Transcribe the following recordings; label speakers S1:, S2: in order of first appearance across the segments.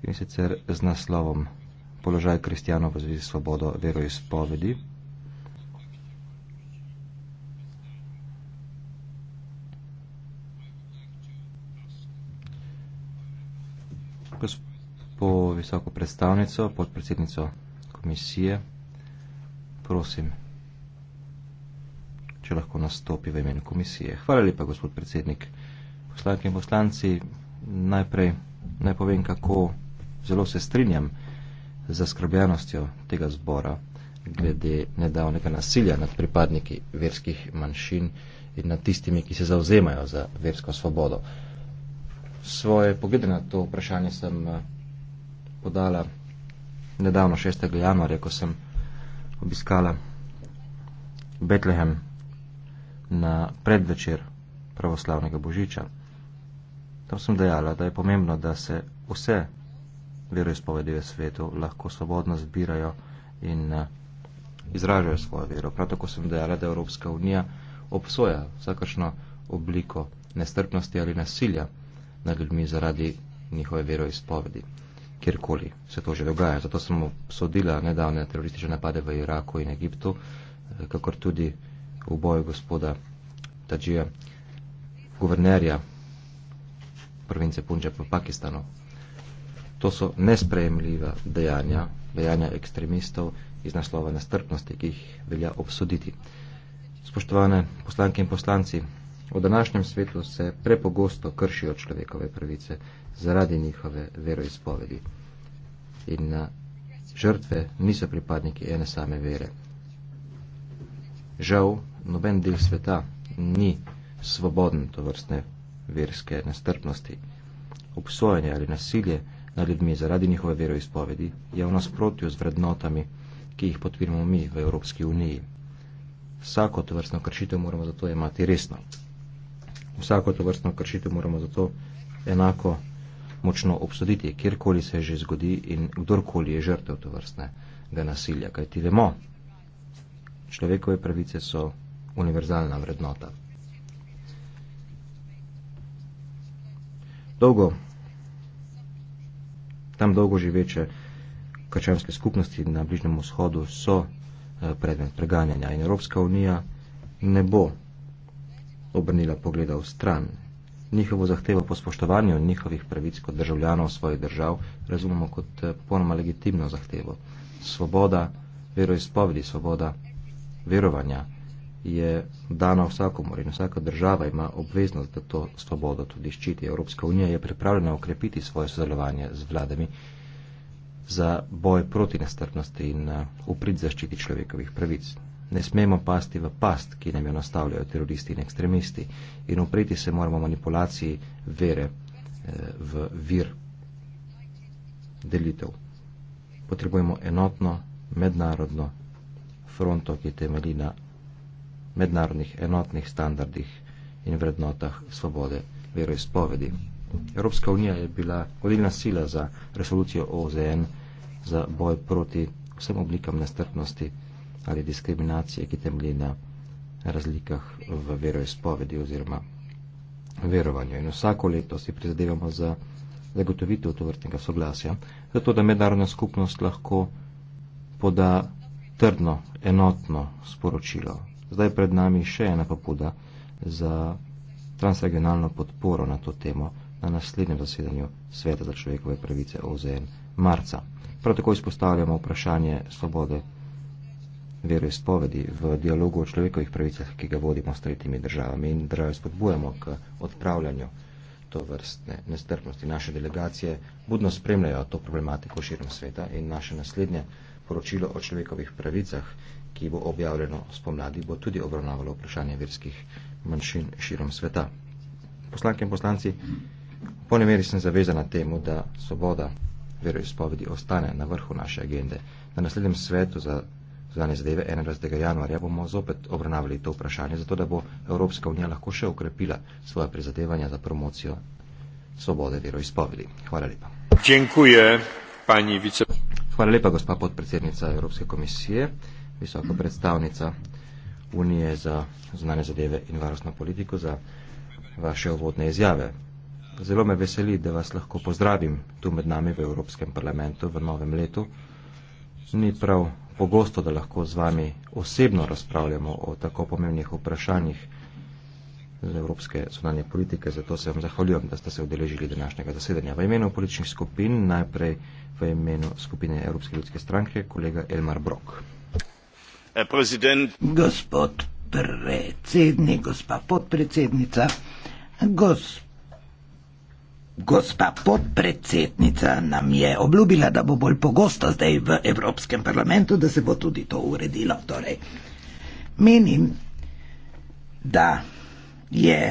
S1: in sicer z naslovom Položaj kristijanov v zvezi s svobodo veroizpovedi. Gospo visoko predstavnico, podpredsednico komisije, prosim, če lahko nastopi v imenu komisije. Hvala lepa, gospod predsednik. Poslanke in poslanci, najprej naj povem, kako zelo se strinjam z zaskrbljenostjo tega zbora glede nedavnega nasilja nad pripadniki verskih manjšin in nad tistimi, ki se zauzemajo za versko svobodo. Svoje poglede na to vprašanje sem eh, podala nedavno 6. januarja, ko sem obiskala Betlehem na predvečer pravoslavnega božiča. Tam sem dejala, da je pomembno, da se vse veroizpovedijo svetu, lahko svobodno zbirajo in eh, izražajo svojo vero. Prav tako sem dejala, da Evropska unija obsoja vsakršno obliko nestrpnosti ali nasilja nad ljudmi zaradi njihove veroizpovedi, kjerkoli se to že dogaja. Zato sem obsodila nedavne teroristične napade v Iraku in Egiptu, eh, kakor tudi v boju gospoda Tadžija, guvernerja province Punjab v Pakistanu, To so nesprejemljiva dejanja, dejanja ekstremistov iz naslova nestrpnosti, ki jih velja obsoditi. Spoštovane poslanke in poslanci, v današnjem svetu se prepogosto kršijo človekove pravice zaradi njihove veroizpovedi. In eh, žrtve niso pripadniki ene same vere. Žal, noben del sveta ni svoboden to vrstne verske nestrpnosti. Obsojanje ali nasilje na ljudmi zaradi njihove veroizpovedi je v nasprotju z vrednotami, ki jih podpiramo mi v Evropski uniji. Vsako to vrstno kršitev moramo zato imati resno. Vsako to vrstno kršitev moramo zato enako močno obsoditi, kjerkoli se že zgodi in kdorkoli je žrtev to vrstnega nasilja. Kaj ti vemo? Človekove pravice so univerzalna vrednota. Dolgo Tam dolgo živeče krčanske skupnosti na Bližnjem vzhodu so eh, predmet preganjanja in Evropska unija ne bo obrnila pogleda v stran. Njihovo zahtevo po spoštovanju njihovih pravic kot državljanov svojih držav razumemo kot eh, ponoma legitimno zahtevo. Svoboda veroizpovedi, svoboda verovanja je dana vsakomor in vsaka država ima obveznost, da to svobodo tudi ščiti. Evropska unija je pripravljena okrepiti svoje sodelovanje z vladami za boj proti nestrpnosti in uprit eh, zaščiti človekovih pravic. Ne smemo pasti v past, ki nam jo nastavljajo teroristi in ekstremisti in upriti se moramo manipulaciji vere eh, v vir delitev. Potrebujemo enotno mednarodno fronto, ki temelji na mednarodnih enotnih standardih in vrednotah svobode veroizpovedi. Evropska unija je bila vodilna sila za resolucijo OZN za boj proti vsem oblikam nestrpnosti ali diskriminacije, ki temelji na razlikah v veroizpovedi oziroma verovanju. In vsako leto si prizadevamo za zagotovitev tovrtnega soglasja, zato da mednarodna skupnost lahko poda trdno, enotno sporočilo Zdaj pred nami še ena pobuda za transregionalno podporo na to temo na naslednjem zasedanju Sveta za človekove pravice OZN marca. Prav tako izpostavljamo vprašanje svobode veroizpovedi v dialogu o človekovih pravicah, ki ga vodimo s tretjimi državami in države spodbujamo k odpravljanju to vrstne nestrpnosti. Naše delegacije budno spremljajo to problematiko širom sveta in naše naslednje poročilo o človekovih pravicah ki bo objavljeno spomladi, bo tudi obravnavalo vprašanje verskih manjšin širom sveta. Poslanke in poslanci, po nemeri sem zavezana temu, da svoboda veroizpovedi ostane na vrhu naše agende. Na naslednjem svetu za zunanje zadeve 21. januarja bomo zopet obravnavali to vprašanje, zato da bo Evropska unija lahko še ukrepila svoje prizadevanja za promocijo svobode veroizpovedi. Hvala lepa. Hvala lepa, gospa podpredsednica Evropske komisije visoko predstavnica Unije za znane zadeve in varnostno politiko za vaše uvodne izjave. Zelo me veseli, da vas lahko pozdravim tu med nami v Evropskem parlamentu v novem letu. Ni prav pogosto, da lahko z vami osebno razpravljamo o tako pomembnih vprašanjih z Evropske zunanje politike, zato se vam zahvaljujem, da ste se udeležili današnjega zasedanja. V imenu političnih skupin, najprej v imenu skupine Evropske ljudske stranke, kolega Elmar Brok.
S2: Eh, prezident. Gospod predsednik, gospa podpredsednica, gospod. Gospa podpredsednica nam je obljubila, da bo bolj pogosto zdaj v Evropskem parlamentu, da se bo tudi to uredilo. Torej, menim, da je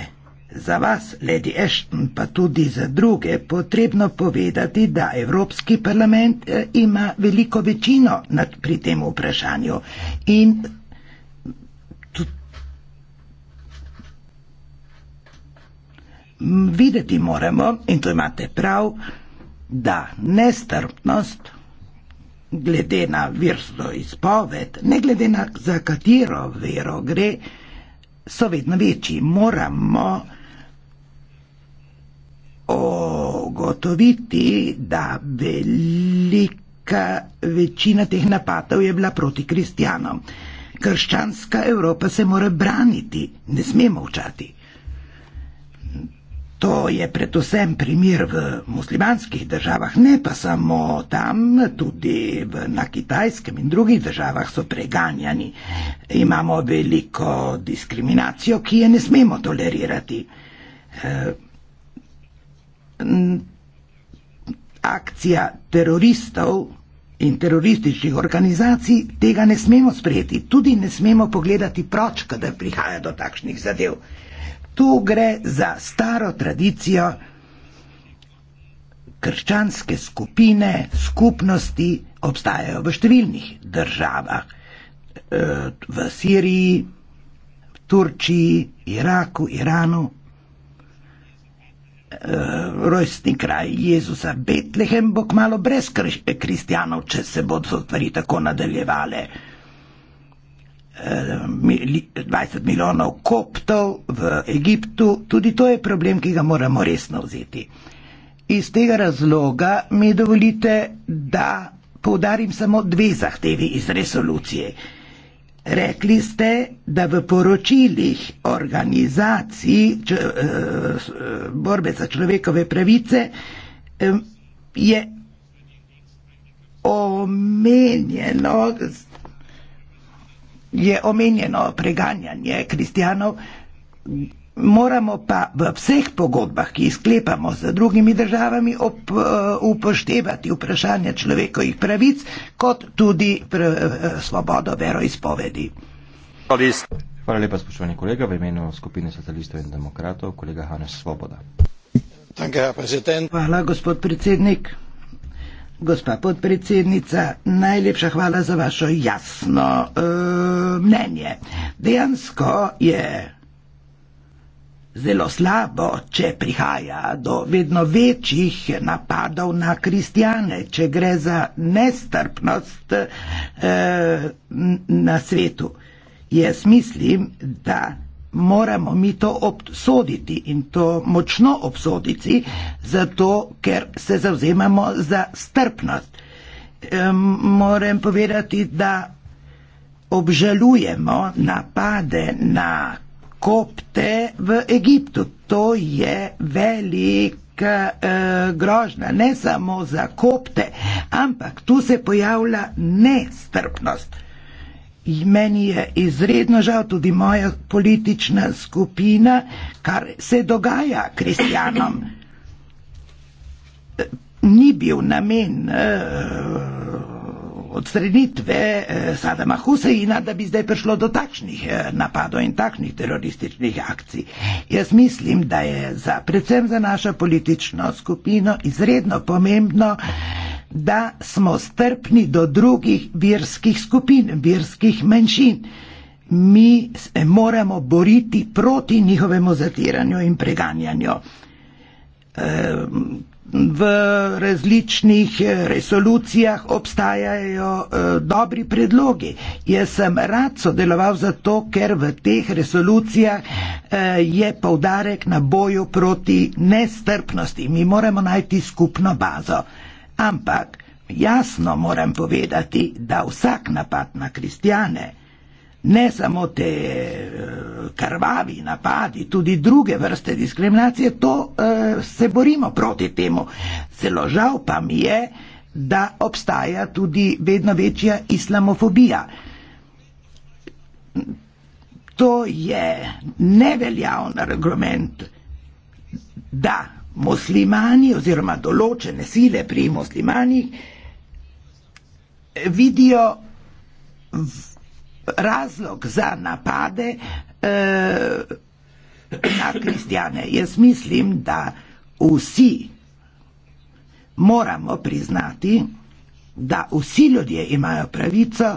S2: Za vas, Lady Ashton, pa tudi za druge, potrebno povedati, da Evropski parlament eh, ima veliko večino nad pri tem vprašanju. In videti moramo, in to imate prav, da nestrpnost glede na virsko izpoved, ne glede na za katero vero gre, so vedno večji. Moramo ogotoviti, da velika večina teh napadov je bila proti kristijanom. Krščanska Evropa se mora braniti, ne smemo učati. To je predvsem primer v muslimanskih državah, ne pa samo tam, tudi v, na kitajskem in drugih državah so preganjani. Imamo veliko diskriminacijo, ki je ne smemo tolerirati. E, akcija teroristov in terorističnih organizacij, tega ne smemo sprejeti. Tudi ne smemo pogledati proč, kadar prihaja do takšnih zadev. Tu gre za staro tradicijo krščanske skupine, skupnosti, obstajajo v številnih državah. Eh, v Siriji, Turčiji, Iraku, Iranu, Eh, rojstni kraj Jezusa Betlehem bo kmalo brez kristjanov, če se bodo stvari tako nadaljevale. 20 eh, milijonov koptov v Egiptu, tudi to je problem, ki ga moramo resno vzeti. Iz tega razloga mi dovolite, da poudarim samo dve zahtevi iz resolucije. Rekli ste, da v poročilih organizacij č, e, eh, eh, borbe za človekove pravice e, je omenjeno, je omenjeno preganjanje kristijanov. Moramo pa v vseh pogodbah, ki jih sklepamo z drugimi državami, op, eh, upoštevati vprašanje človekovih pravic, kot tudi pr, eh, svobodo veroizpovedi. Hvala
S1: lepa, spoštovani kolega, v imenu skupine socialistov in demokratov,
S2: kolega Hanes Svoboda. Hvala, gospod predsednik. Gospa podpredsednica, najlepša hvala za vašo jasno uh, mnenje. Dejansko je. Zelo slabo, če prihaja do vedno večjih napadov na kristijane, če gre za nestrpnost eh, na svetu. Jaz mislim, da moramo mi to obsoditi in to močno obsoditi, zato ker se zavzemamo za strpnost. Eh, moram povedati, da obžalujemo napade na kristijane kopte v Egiptu. To je velika e, eh, grožnja, ne samo za kopte, ampak tu se pojavlja nestrpnost. Meni je izredno žal tudi moja politična skupina, kar se dogaja kristjanom. Eh, ni bil namen. E, odstrenitve eh, Sadama Huseina, da bi zdaj prišlo do takšnih eh, napadov in takšnih terorističnih akcij. Jaz mislim, da je za, predvsem za našo politično skupino izredno pomembno, da smo strpni do drugih verskih skupin, verskih manjšin. Mi se eh, moramo boriti proti njihovemu zatiranju in preganjanju. Ehm, v različnih eh, resolucijah obstajajo eh, dobri predlogi. Jaz sem rad sodeloval zato, ker v teh resolucijah eh, je povdarek na boju proti nestrpnosti. Mi moramo najti skupno bazo. Ampak jasno moram povedati, da vsak napad na kristijane, ne samo te eh, krvavi napadi, tudi druge vrste diskriminacije, to eh, se borimo proti temu. Celo žal pa mi je, da obstaja tudi vedno večja islamofobija. To je neveljaven argument, da muslimani oziroma določene sile pri muslimanih vidijo v razlog za napade eh, na kristijane. Jaz mislim, da vsi moramo priznati, da vsi ljudje imajo pravico,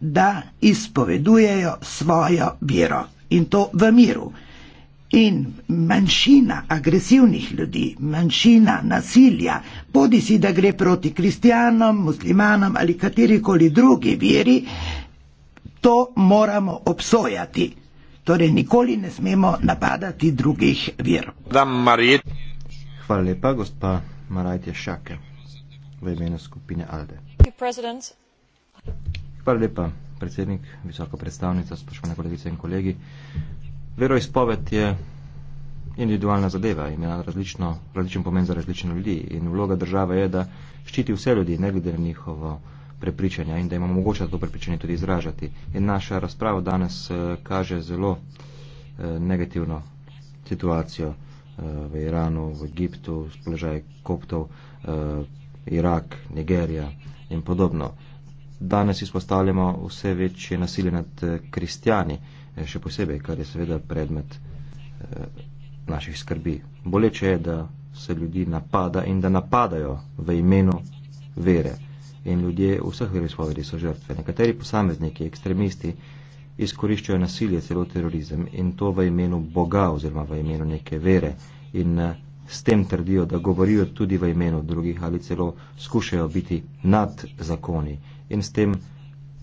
S2: da izpovedujejo svojo vero in to v miru. In manjšina agresivnih ljudi, manjšina nasilja, bodi si da gre proti kristijanom, muslimanom ali katerikoli drugi veri, eh, To moramo obsojati. Torej, nikoli ne smemo napadati drugih virov. Hvala lepa, gospa Marajte Šake,
S1: v imenu skupine Alde. Hvala lepa, predsednik, visoka predstavnica, spoštovane kolegice in kolegi. Veroizpoved je individualna zadeva, ima različen pomen za različne ljudi in vloga države je, da ščiti vse ljudi, ne glede na njihovo prepričanja in da imamo mogoče to prepričanje tudi izražati. In naša razprava danes eh, kaže zelo eh, negativno situacijo eh, v Iranu, v Egiptu, spoležaj koptov, Irak, Nigerija in podobno. Danes izpostavljamo vse večje nasilje nad kristjani, še posebej, kar je seveda predmet naših skrbi. Boleče je, da se ljudi napada in da napadajo v imenu vere in ljudje vseh verosvojih so žrtve. Nekateri posamezniki, ekstremisti, izkoriščajo nasilje, celo terorizem in to v imenu Boga oziroma v imenu neke vere in eh, s tem trdijo, da govorijo tudi v imenu drugih ali celo skušajo biti nad zakoni in s tem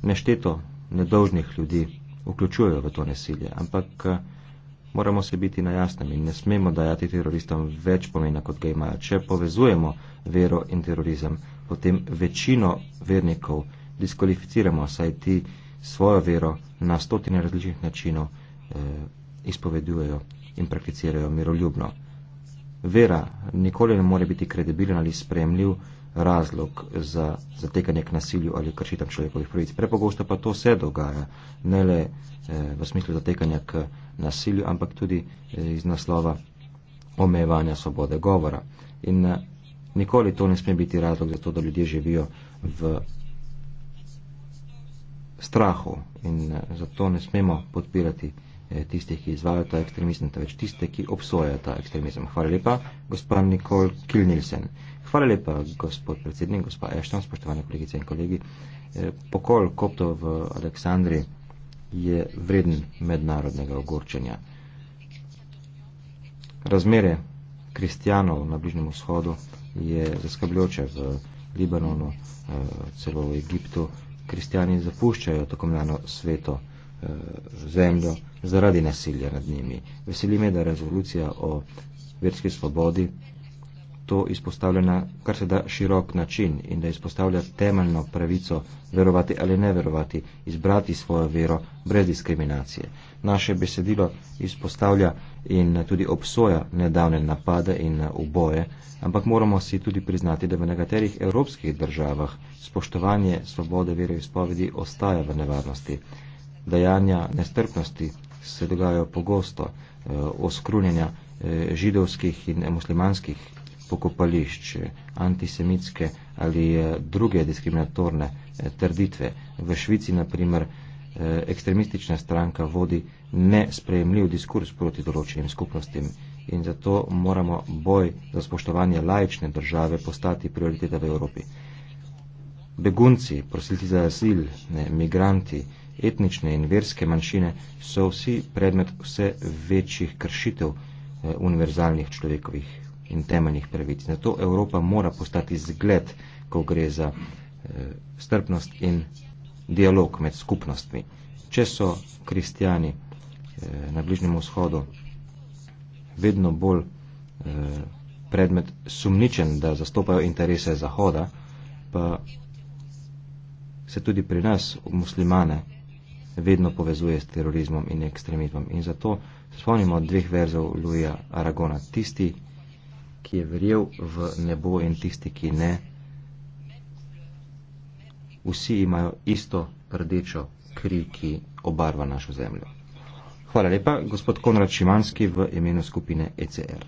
S1: nešteto nedolžnih ljudi vključujejo v to nasilje. Ampak eh, moramo se biti na jasnem in ne smemo dajati teroristom več pomena, kot ga imajo. Če povezujemo vero in terorizem, potem večino vernikov diskvalificiramo, saj ti svojo vero na stotine različnih načinov eh, izpovedujejo in prakticirajo miroljubno. Vera nikoli ne more biti kredibilen ali spremljiv razlog za zatekanje k nasilju ali kršitev človekovih pravic. Prepogosto pa to se dogaja, ne le eh, v smislu zatekanja k nasilju, ampak tudi eh, iz naslova omejevanja svobode govora. In eh, Nikoli to ne sme biti razlog za to, da ljudje živijo v strahu in eh, zato ne smemo podpirati eh, tistih, ki izvajo ta ekstremizem, več tiste, ki obsojajo ta ekstremizem. Hvala lepa, gospod Nikol Kilnilsen. Hvala lepa, gospod predsednik, gospod Ešton, spoštovane kolegice in kolegi. Eh, pokol koptov v Aleksandri je vreden mednarodnega ogorčenja. Razmere kristijanov na Bližnjem vzhodu je zaskrbljoče v Libanonu, eh, celo v Egiptu. Kristijani zapuščajo tako mljeno sveto eh, zemljo zaradi nasilja nad njimi. Veseli me, da rezolucija o verski svobodi to izpostavlja na kar se da širok način in da izpostavlja temeljno pravico verovati ali ne verovati, izbrati svojo vero brez diskriminacije naše besedilo izpostavlja in tudi obsoja nedavne napade in uboje, ampak moramo si tudi priznati, da v nekaterih evropskih državah spoštovanje svobode veroizpovedi ostaja v nevarnosti. Dajanja nestrpnosti se dogajajo pogosto, eh, oskrunjenja eh, židovskih in muslimanskih pokopališč, antisemitske ali eh, druge diskriminatorne trditve. V Švici, na primer, Eh, ekstremistična stranka vodi nesprejemljiv diskurs proti določenim skupnostim in zato moramo boj za spoštovanje laične države postati prioriteta v Evropi. Begunci, prosilci za azil, ne, migranti, etnične in verske manjšine so vsi predmet vse večjih kršitev eh, univerzalnih človekovih in temeljnih pravic. Zato Evropa mora postati zgled, ko gre za eh, strpnost in dialog med skupnostmi. Če so kristijani eh, na Bližnjem vzhodu vedno bolj eh, predmet sumničen, da zastopajo interese Zahoda, pa se tudi pri nas muslimane vedno povezuje s terorizmom in ekstremizmom. In zato spomnimo dveh verzov Luja Aragona. Tisti, ki je verjel v nebo in tisti, ki ne vsi imajo isto rdečo kri, ki obarva našo zemljo. Hvala lepa, gospod Konrad Šimanski v imenu skupine ECR.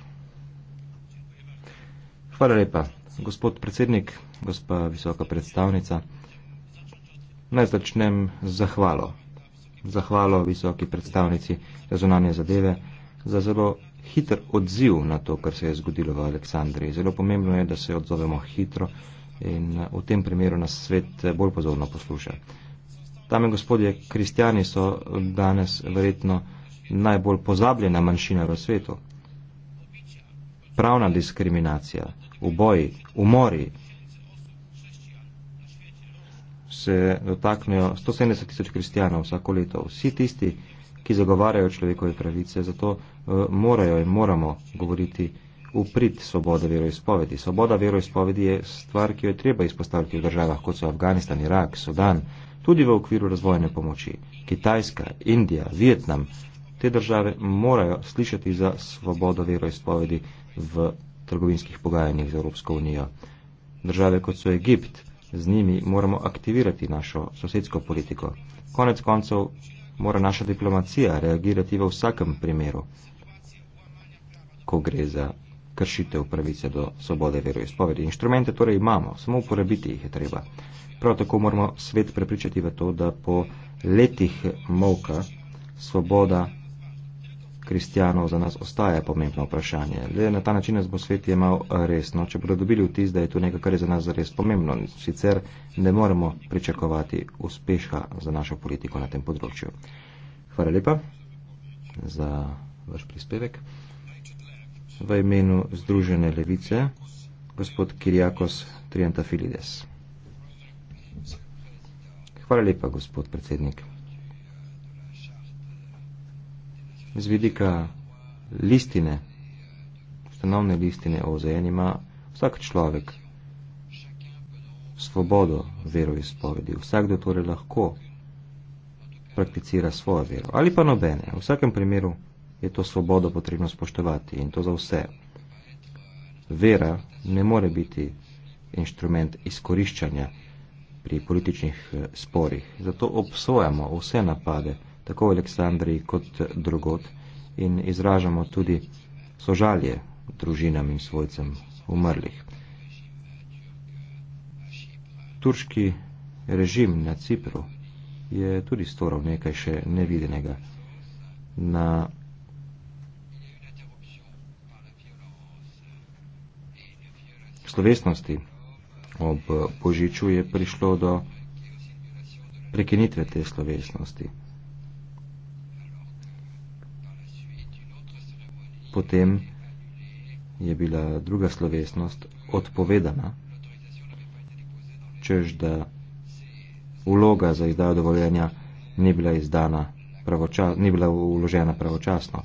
S1: Hvala lepa, gospod predsednik, gospa visoka predstavnica. Naj začnem z zahvalo. Zahvalo visoki predstavnici zunanje zadeve za zelo hiter odziv na to, kar se je zgodilo v Aleksandriji. Zelo pomembno je, da se odzovemo hitro in eh, v tem primeru nas svet eh, bolj pozorno posluša. Tame gospodje, kristijani so danes verjetno najbolj pozabljena manjšina v svetu. Pravna diskriminacija, uboji, umori se dotaknejo 170 tisoč kristijanov vsako leto. Vsi tisti, ki zagovarjajo človekove pravice, zato eh, morajo in moramo govoriti u prid svobode vjeroispovedi. Svoboda vjeroispovedi je stvar ki joj treba ispostaviti u državah kot su Afganistan, Irak, Sudan, tudi v okviru razvojne pomoći. Kitajska, Indija, Vjetnam, te države morajo slišati za svobodo vjeroispovedi v trgovinskih pogajanjih z Evropsko unijo. Države kot su Egipt, z njimi moramo aktivirati našo sosedsko politiko. Konec koncev mora naša diplomacija reagirati v vsakem primeru ko gre za kršitev pravice do svobode veroizpovedi. Inštrumente torej imamo, samo uporabiti jih je treba. Prav tako moramo svet prepričati v to, da po letih molka svoboda kristijanov za nas ostaja pomembno vprašanje. Le na ta način nas bo svet jemal resno, če bodo dobili vtis, da je to nekaj, kar je za nas res pomembno. Sicer ne moremo pričakovati uspeha za našo politiko na tem področju. Hvala lepa za vaš prispevek v imenu Združene levice, gospod Kirjakos Triantafilides. Hvala lepa, gospod predsednik. Z vidika listine, ustanovne listine o OZN ima vsak človek svobodo veroizpovedi. Vsak do torej lahko prakticira svojo vero. Ali pa nobene. V vsakem primeru je to svobodo potrebno spoštovati in to za vse. Vera ne more biti inštrument izkoriščanja pri političnih eh, sporih. Zato obsojamo vse napade, tako v Aleksandriji kot drugot, in izražamo tudi sožalje družinam in svojcem umrlih. Turški režim na Cipru je tudi storil nekaj še nevidenega. Na slovesnosti ob Božiču je prišlo do prekinitve te slovesnosti. Potem je bila druga slovesnost odpovedana, čež da vloga za izdajo dovoljenja ni bila izdana, pravoča, ni bila uložena pravočasno.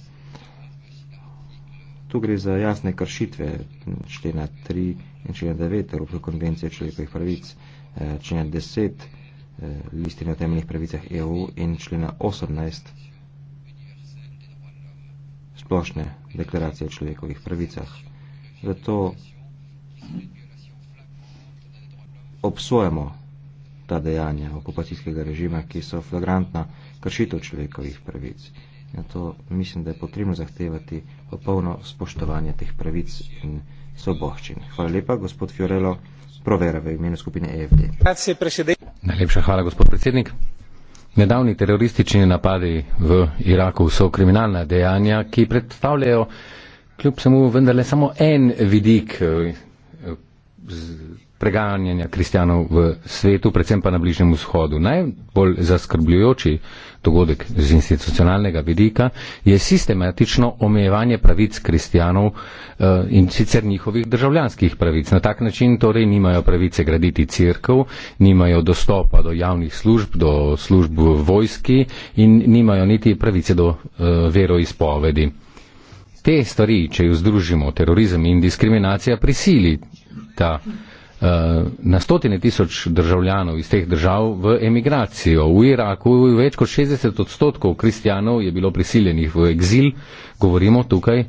S1: Tu gre za jasne kršitve člena 3 člena 9 Evropske konvencije človekovih pravic, eh, člena 10 eh, listine o temeljnih pravicah EU in člena 18 splošne deklaracije o človekovih pravicah. Zato obsojamo ta dejanja okupacijskega režima, ki so flagrantna kršitev človekovih pravic. Zato mislim, da je potrebno zahtevati popolno spoštovanje teh pravic in pravic soboščini. Hvala lepa, gospod Fiorello, provera v
S3: imenu skupine EFD. Najlepša hvala, gospod predsednik. Nedavni teroristični napadi v Iraku so kriminalna dejanja, ki predstavljajo kljub samo vendarle samo en vidik eh, preganjanja kristjanov v svetu, predvsem pa na Bližnjem vzhodu. Najbolj zaskrbljujoči dogodek z institucionalnega vidika je sistematično omejevanje pravic kristjanov eh, in sicer njihovih državljanskih pravic. Na tak način torej nimajo pravice graditi crkv, nimajo dostopa do javnih služb, do služb v vojski in nimajo niti pravice do eh, veroizpovedi. Te stvari, če jo združimo, terorizem in diskriminacija prisili leta eh, na stotine tisoč državljanov iz teh držav v emigracijo. V Iraku več kot 60 odstotkov kristijanov je bilo prisiljenih v eksil, govorimo tukaj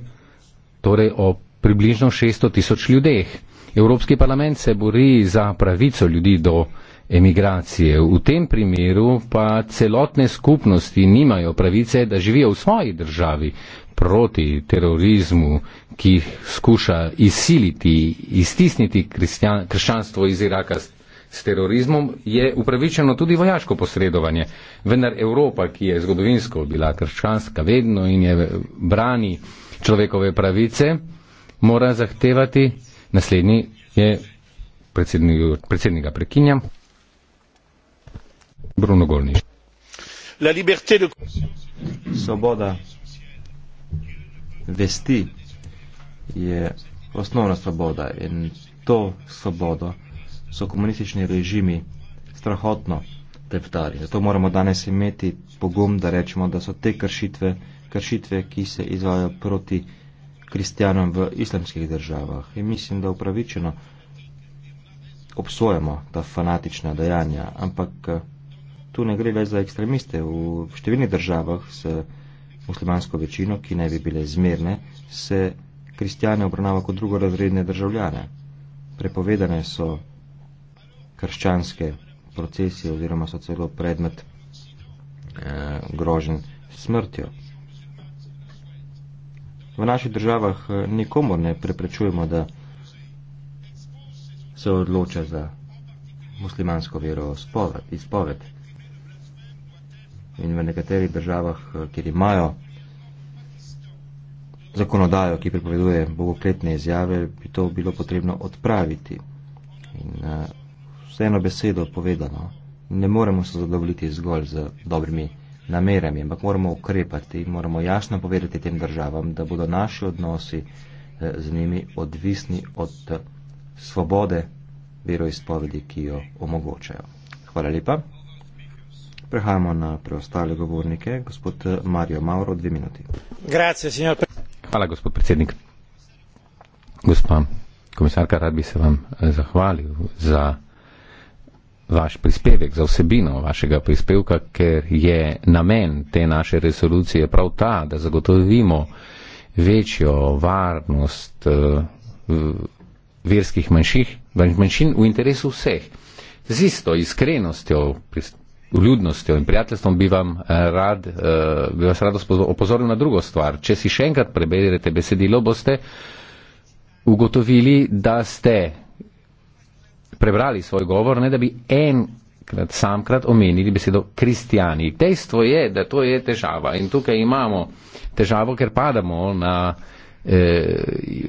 S3: torej o približno 600 tisoč ljudeh. Evropski parlament se bori za pravico ljudi do emigracije. V tem primeru pa celotne skupnosti nimajo pravice, da živijo v svoji državi proti terorizmu, ki skuša izsiliti, iztisniti krščanstvo iz Iraka s, s terorizmom, je upravičeno tudi vojaško posredovanje. Vendar Evropa, ki je zgodovinsko bila krščanska vedno in je brani človekove pravice, mora zahtevati, naslednji je predsednik, predsednika prekinjam, Bruno Golniš. La liberté de conscience. Soboda vesti
S1: je osnovna svoboda in to svobodo so komunistični režimi strahotno teptali. Zato moramo danes imeti pogum, da rečemo, da so te kršitve, kršitve, ki se izvajo proti kristjanom v islamskih državah. In mislim, da upravičeno obsojamo ta fanatična dejanja, ampak eh, tu ne gre le za ekstremiste. V številnih državah se muslimansko večino, ki naj bi bile zmerne, se kristjane obravnava kot drugorazredne državljane. Prepovedane so krščanske procesije oziroma so celo predmet eh, grožen smrtjo. V naših državah eh, nikomor ne preprečujemo, da se odloča za muslimansko vero spoved in v nekaterih državah, eh, kjer imajo zakonodajo, ki prepoveduje bogokletne izjave, bi to bilo potrebno odpraviti. In eh, vseeno besedo povedano, ne moremo se zadovoljiti zgolj z dobrimi namerami, ampak moramo ukrepati in moramo jasno povedati tem državam, da bodo naši odnosi eh, z njimi odvisni od svobode veroizpovedi, ki jo omogočajo. Hvala lepa. Prehajamo na preostale
S3: govornike. Gospod eh, Mario Mauro, dve minuti. Grazie, Hvala, gospod predsednik. Gospa komisarka, rad bi se vam eh, zahvalil za vaš prispevek, za vsebino vašega prispevka, ker je namen te naše resolucije prav ta, da zagotovimo večjo varnost eh, verskih manjših, manjšin v interesu vseh. Z isto iskrenostjo ljudnostjo in prijateljstvom bi, vam, eh, rad, eh, bi vas rad opozoril na drugo stvar. Če si še enkrat preberete besedilo, boste ugotovili, da ste prebrali svoj govor, ne da bi enkrat samkrat omenili besedo kristijani. Dejstvo je, da to je težava in tukaj imamo težavo, ker padamo na eh,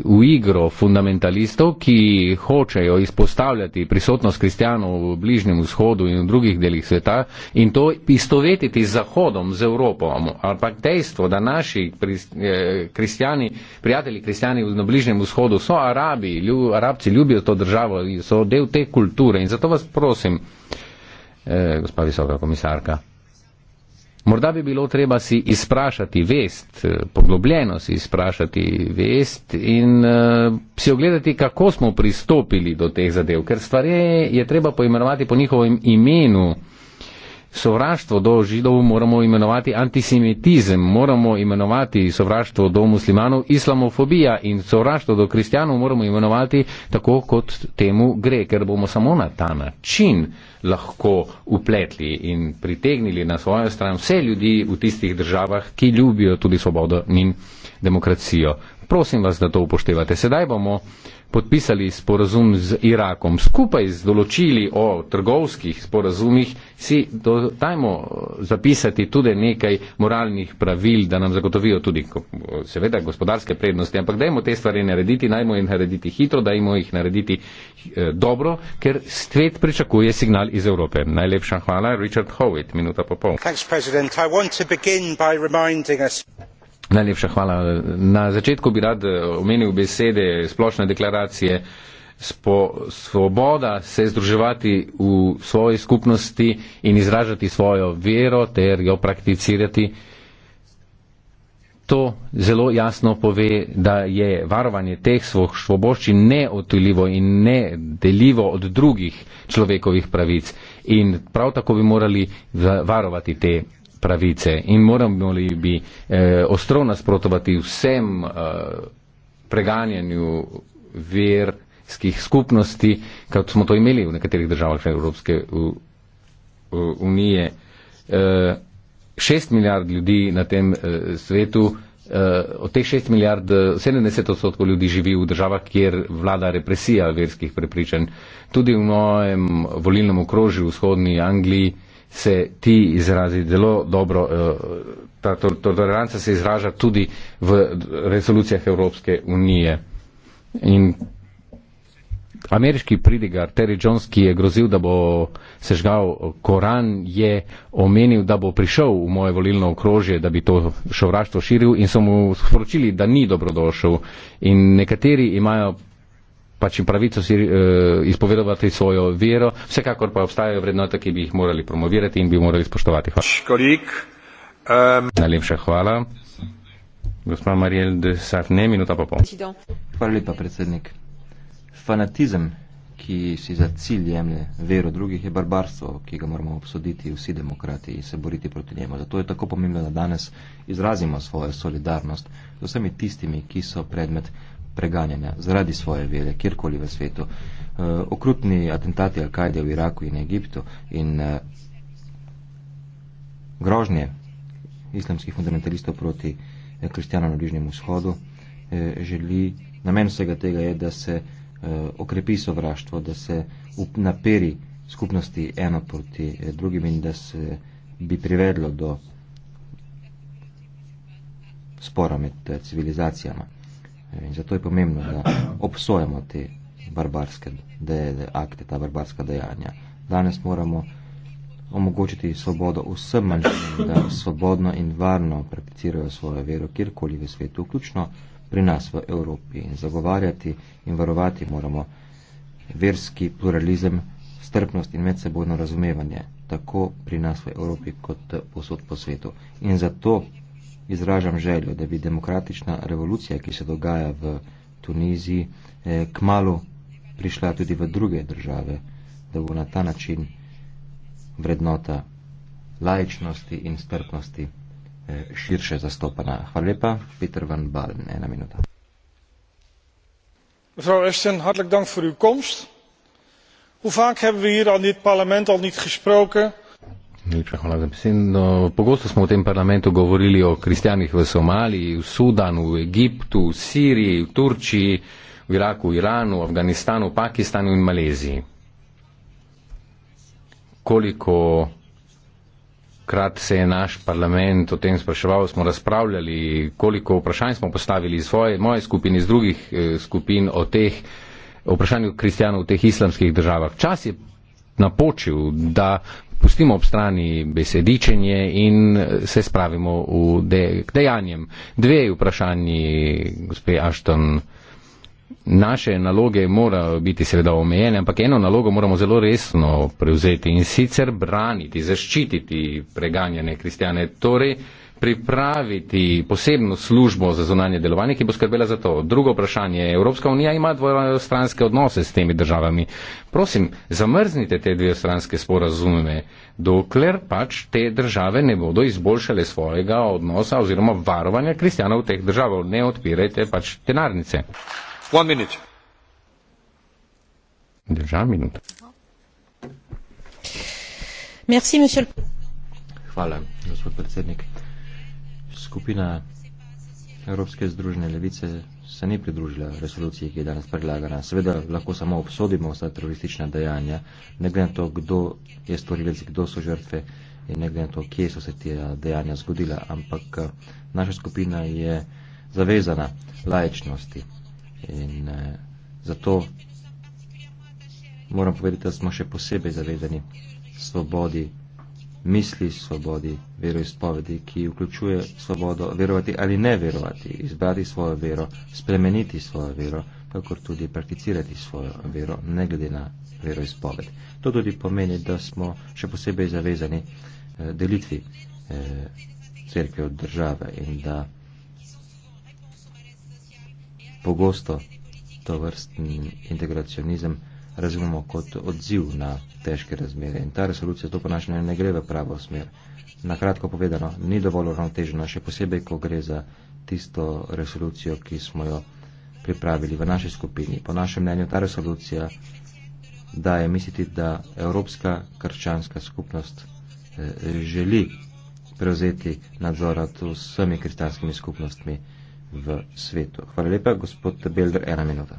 S3: v igro fundamentalistov, ki hočejo izpostavljati prisotnost kristijanov v Bližnjem vzhodu in v drugih delih sveta in to istovetiti z Zahodom, z Evropo. Ampak dejstvo, da naši kristijani, eh, prijatelji kristijani na Bližnjem vzhodu so Arabi, ljub, Arabci ljubijo to državo in so del te kulture. In zato vas prosim, eh, gospa visoka komisarka, Morda bi bilo treba si izprašati vest, eh, poglobljeno si izprašati vest in uh, si ogledati, kako smo pristopili do teh zadev, ker stvari je treba poimenovati po njihovem imenu sovraštvo do židov moramo imenovati antisemitizem, moramo imenovati sovraštvo do muslimanov islamofobija in sovraštvo do kristijanov moramo imenovati tako, kot temu gre, ker bomo samo na ta način lahko upletli in pritegnili na svojo stran vse ljudi v tistih državah, ki ljubijo tudi svobodo njim demokracijo. Prosim vas, da to upoštevate. Sedaj bomo podpisali sporazum z Irakom. Skupaj z določili o trgovskih sporazumih si dajmo eh, zapisati tudi nekaj moralnih pravil, da nam zagotovijo tudi seveda gospodarske prednosti, ampak dajmo te stvari narediti, dajmo jih narediti hitro, dajmo jih narediti eh, dobro, ker svet pričakuje signal iz Evrope. Najlepša hvala, Richard Howitt, minuta popolna. Najlepša hvala. Na začetku bi rad eh, omenil besede splošne deklaracije. Spo, svoboda se združevati v svoji skupnosti in izražati svojo vero ter jo prakticirati. To zelo jasno pove, da je varovanje teh svoh švoboščin neotiljivo in nedeljivo od drugih človekovih pravic. In prav tako bi morali varovati te pravice in moramo li bi eh, ostro nasprotovati vsem eh, preganjanju verskih skupnosti, kot smo to imeli v nekaterih državah Evropske u, u, unije. Eh, šest milijard ljudi na tem eh, svetu, eh, od teh šest milijard, 70 eh, odstotkov ljudi živi v državah, kjer vlada represija verskih prepričanj. Tudi v mojem volilnem okrožju v vzhodni Angliji se ti izrazi zelo dobro, eh, ta toleranca se izraža tudi v resolucijah Evropske unije. In ameriški pridigar Terry Jones, ki je grozil, da bo sežgal Koran, je omenil, da bo prišel v moje volilno okrožje, da bi to šovraštvo širil in so mu sporočili, da ni dobrodošel. In nekateri imajo pač jim pravico si, uh, izpovedovati svojo vero, vsekakor pa obstajajo vrednote, ki bi jih morali promovirati in bi morali spoštovati. Hvala. Školik, um... Najlepša hvala. Gospa Marijel de Sarne, minuta pa pol.
S1: Hvala lepa, predsednik. Fanatizem, ki si za cilj jemlje vero drugih, je barbarstvo, ki ga moramo obsoditi vsi demokrati in se boriti proti njemu. Zato je tako pomembno, da danes izrazimo svojo solidarnost z vsemi tistimi, ki so predmet preganjanja zaradi svoje vere kjerkoli v svetu. Eh, okrutni atentati Al-Kaide v Iraku in Egiptu in eh, grožnje islamskih fundamentalistov proti eh, kristjanom na Bližnjem vzhodu želi, namen vsega tega je, da se okrepi sovraštvo, da se naperi skupnosti eno proti drugim in da se bi privedlo do spora med civilizacijama. In zato je pomembno, da obsojamo te barbarske de, de, akte, ta barbarska dejanja. Danes moramo omogočiti svobodo vsem manjšinam, da svobodno in varno prakticirajo svojo vero kjerkoli v svetu, vključno pri nas v Evropi. In zagovarjati in varovati moramo verski pluralizem, strpnost in medsebojno razumevanje, tako pri nas v Evropi kot eh, posod po svetu. In zato izražam željo, da bi demokratična revolucija, ki se dogaja v Tuniziji, eh, kmalo prišla tudi v druge države, da bo na ta način vrednota laičnosti in strpnosti eh, širše zastopana. Hvala lepa, Peter van Balen, ena minuta. Mevrouw Ashton, hartelijk dank voor uw komst. Hoe vaak hebben we hier aan dit parlement al niet gesproken?
S3: Najlepša hvala za besedo. No, pogosto smo v tem parlamentu govorili o kristjanih v Somaliji, v Sudanu, v Egiptu, v Siriji, v Turčiji, v Iraku, v Iranu, v Afganistanu, Pakistanu in Maleziji. Koliko krat se je naš parlament o tem spraševal, smo razpravljali, koliko vprašanj smo postavili iz svoje, moje skupine, iz drugih eh, skupin o teh vprašanju kristjanov v teh islamskih državah. Čas je napočil, da pustimo ob strani besedičenje in eh, se spravimo v de k dejanjem. Dve vprašanji, gospe Ashton. Naše naloge morajo biti seveda omejene, ampak eno nalogo moramo zelo resno prevzeti in sicer braniti, zaščititi preganjene kristjane. Torej, uh, pripraviti posebno službo za zunanje delovanje, ki bo skrbela za to. Drugo vprašanje je, Evropska unija ima dvostranske odnose s temi državami. Prosim, zamrznite te dvostranske sporazume, dokler pač te države ne bodo izboljšale svojega odnosa oziroma varovanja kristjanov teh držav. Ne odpirajte pač tenarnice. One minute. Deja minute.
S2: Merci, monsieur...
S1: Hvala, gospod predsednik skupina Evropske združene levice se ni pridružila resoluciji, ki je danes predlagana. Seveda lahko samo obsodimo vsa teroristična dejanja, ne glede na to, kdo je storilec, kdo so žrtve in ne glede na to, kje so se te dejanja zgodila, ampak eh, naša skupina je zavezana laječnosti in eh, zato moram povedati, da smo še posebej zavezani svobodi misli svobodi veroizpovedi, ki vključuje svobodo verovati ali ne verovati, izbrati svojo vero, spremeniti svojo vero, kakor tudi prakticirati svojo vero, ne glede na veroizpoved. To tudi pomeni, da smo še posebej zavezani eh, delitvi eh, cerkve od države in da pogosto to vrstni integracionizem eh, razumemo kot odziv na težke razmere. In ta resolucija to ponašanje ne gre v pravo smer. Na kratko povedano, ni dovolj uravnotežena, še posebej, ko gre za tisto resolucijo, ki smo jo pripravili v naši skupini. Po našem mnenju ta resolucija daje misliti, da Evropska krščanska skupnost eh, želi prevzeti nadzor nad vsemi kristanskimi skupnostmi v svetu. Hvala lepa, gospod
S3: Belder, ena minuta.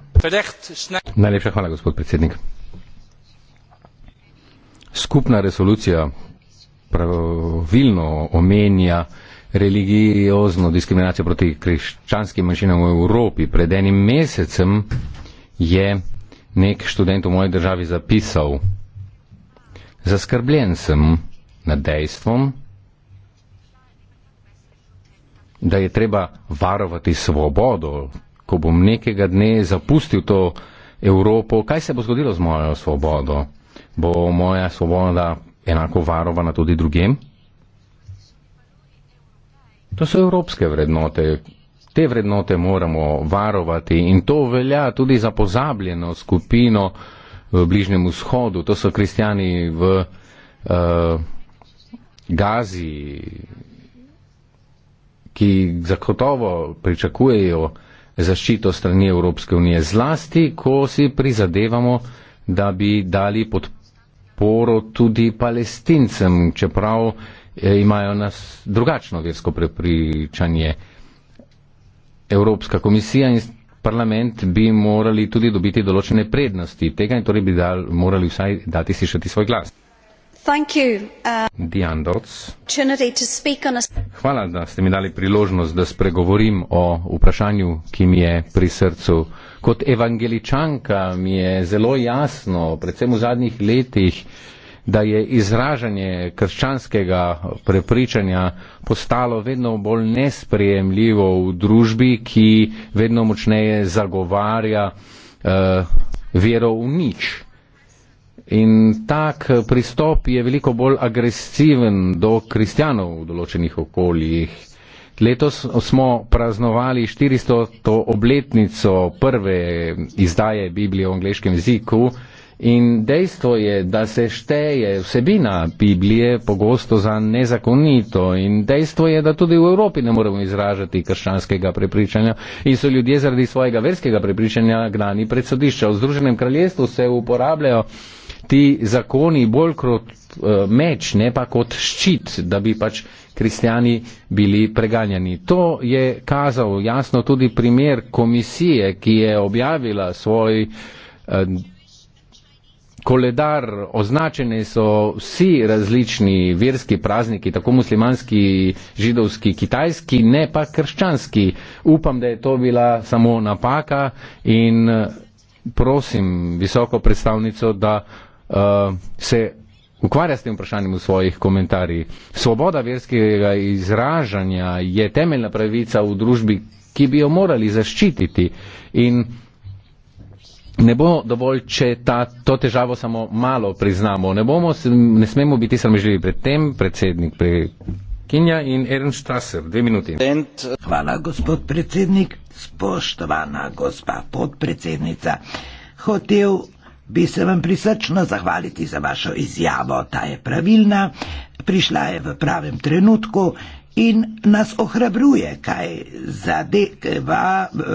S3: Najlepša hvala, gospod predsednik. Skupna resolucija pravilno omenja religiozno diskriminacijo proti krščanskim manjšinam v Evropi. Pred enim mesecem je nek študent v moji državi zapisal, zaskrbljen sem nad dejstvom, da je treba varovati svobodo ko bom nekega dne zapustil to Evropo, kaj se bo zgodilo z mojo svobodo? Bo moja svoboda enako varovana tudi drugim? To so evropske vrednote. Te vrednote moramo varovati in to velja tudi za pozabljeno skupino v Bližnjem vzhodu. To so kristijani v uh, Gazi, ki zakotovo pričakujejo zaščito strani Evropske unije, zlasti, ko si prizadevamo, da bi dali podporo tudi palestincem, čeprav eh, imajo nas drugačno versko prepričanje. Evropska komisija in parlament bi morali tudi dobiti določene prednosti tega in torej bi dal, morali vsaj dati slišati svoj glas.
S1: Uh,
S3: Hvala, da ste mi dali priložnost, da spregovorim o vprašanju, ki mi je pri srcu. Kot evangeličanka mi je zelo jasno, predvsem v zadnjih letih, da je izražanje krščanskega prepričanja postalo vedno bolj nesprejemljivo v družbi, ki vedno močneje zagovarja uh, vero v nič. In tak eh, pristop je veliko bolj agresiven do kristjanov v določenih okoljih. Letos smo praznovali 400. obletnico prve izdaje Biblije v angleškem jeziku. In dejstvo je, da se šteje vsebina Biblije pogosto za nezakonito in dejstvo je, da tudi v Evropi ne moremo izražati krščanskega prepričanja in so ljudje zaradi svojega verskega prepričanja gnani pred sodišča. V Združenem kraljestvu se uporabljajo ti zakoni bolj kot eh, meč, ne pa kot ščit, da bi pač kristijani bili preganjani. To je kazal jasno tudi primer komisije, ki je objavila svoj eh, koledar, označeni so vsi različni verski prazniki, tako muslimanski, židovski, kitajski, ne pa krščanski. Upam, da je to bila samo napaka in eh, prosim visoko predstavnico, da uh, se ukvarja s tem vprašanjem v svojih komentarjih. Svoboda verskega izražanja je temeljna pravica v družbi, ki bi jo morali zaščititi. In ne bo dovolj, če ta, to težavo samo malo priznamo. Ne, bomo, ne smemo biti sramežljivi pred tem, predsednik, pre Kinja in Ernst Strasser. Dve minuti. Hvala, gospod predsednik. Spoštovana
S2: gospa podpredsednica. Hotev bi se vam prisrčno zahvaliti za vašo izjavo. Ta je pravilna, prišla je v pravem trenutku in nas ohrabruje, kaj zadeva eh,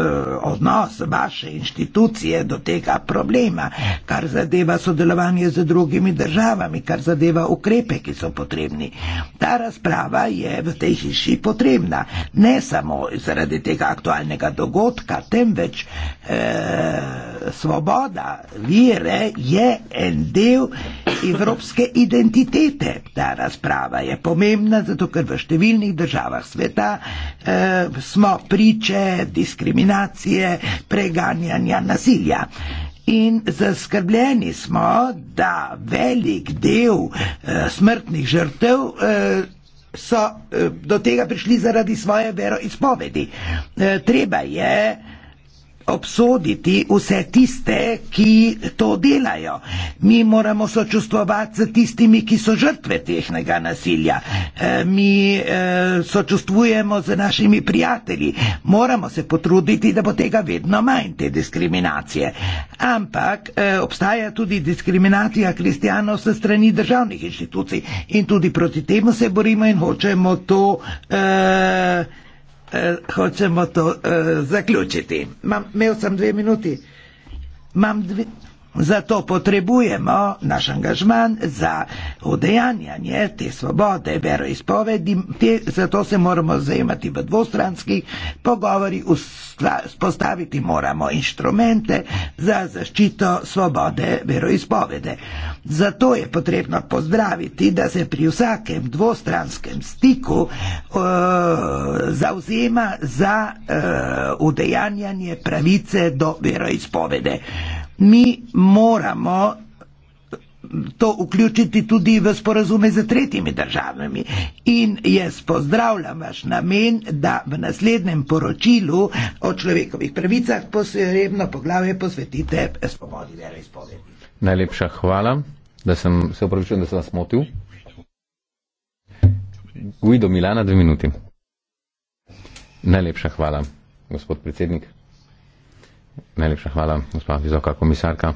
S2: odnos vaše inštitucije do tega problema, kar zadeva sodelovanje z drugimi državami, kar zadeva ukrepe, ki so potrebni. Ta razprava je v tej hiši potrebna, ne samo zaradi tega aktualnega dogodka, temveč eh, svoboda vire je en del evropske identitete. Ta razprava je pomembna, zato ker v številnih drugih državah sveta e, smo priče diskriminacije, preganjanja nasilja. In zaskrbljeni smo, da velik del e, smrtnih žrtev e, so e, do tega prišli zaradi svoje veroizpovedi. E, treba je e, obsoditi vse tiste, ki to delajo. Mi moramo sočustvovati s tistimi, ki so žrtve tehnega nasilja. E, mi e, sočustvujemo z našimi prijatelji. Moramo se potruditi, da bo tega vedno manj, te diskriminacije. Ampak e, obstaja tudi diskriminacija kristijanov s strani državnih inštitucij in tudi proti temu se borimo in hočemo to. Uh, eh, hočemo to eh, zaključiti. Imam, imel sem dve minuti. Imam dve. Zato potrebujemo naš angažman za udejanjanje te svobode veroizpovedi, zato se moramo zajemati v dvostranski pogovori, spostaviti moramo inštrumente za zaščito svobode veroizpovede. Zato je potrebno pozdraviti, da se pri vsakem dvostranskem stiku uh, zauzema za uh, udejanjanje pravice do veroizpovede mi moramo to vključiti tudi v sporazume z tretjimi državami. In jaz pozdravljam vaš namen, da v naslednjem poročilu o človekovih pravicah posebno poglavje posvetite spomodi veroizpovedi.
S3: Najlepša hvala, da sem se upravičil, da sem vas motil. Guido Milana, dve minuti. Najlepša hvala, gospod predsednik. Najlepša hvala, gospod visoka komisarka.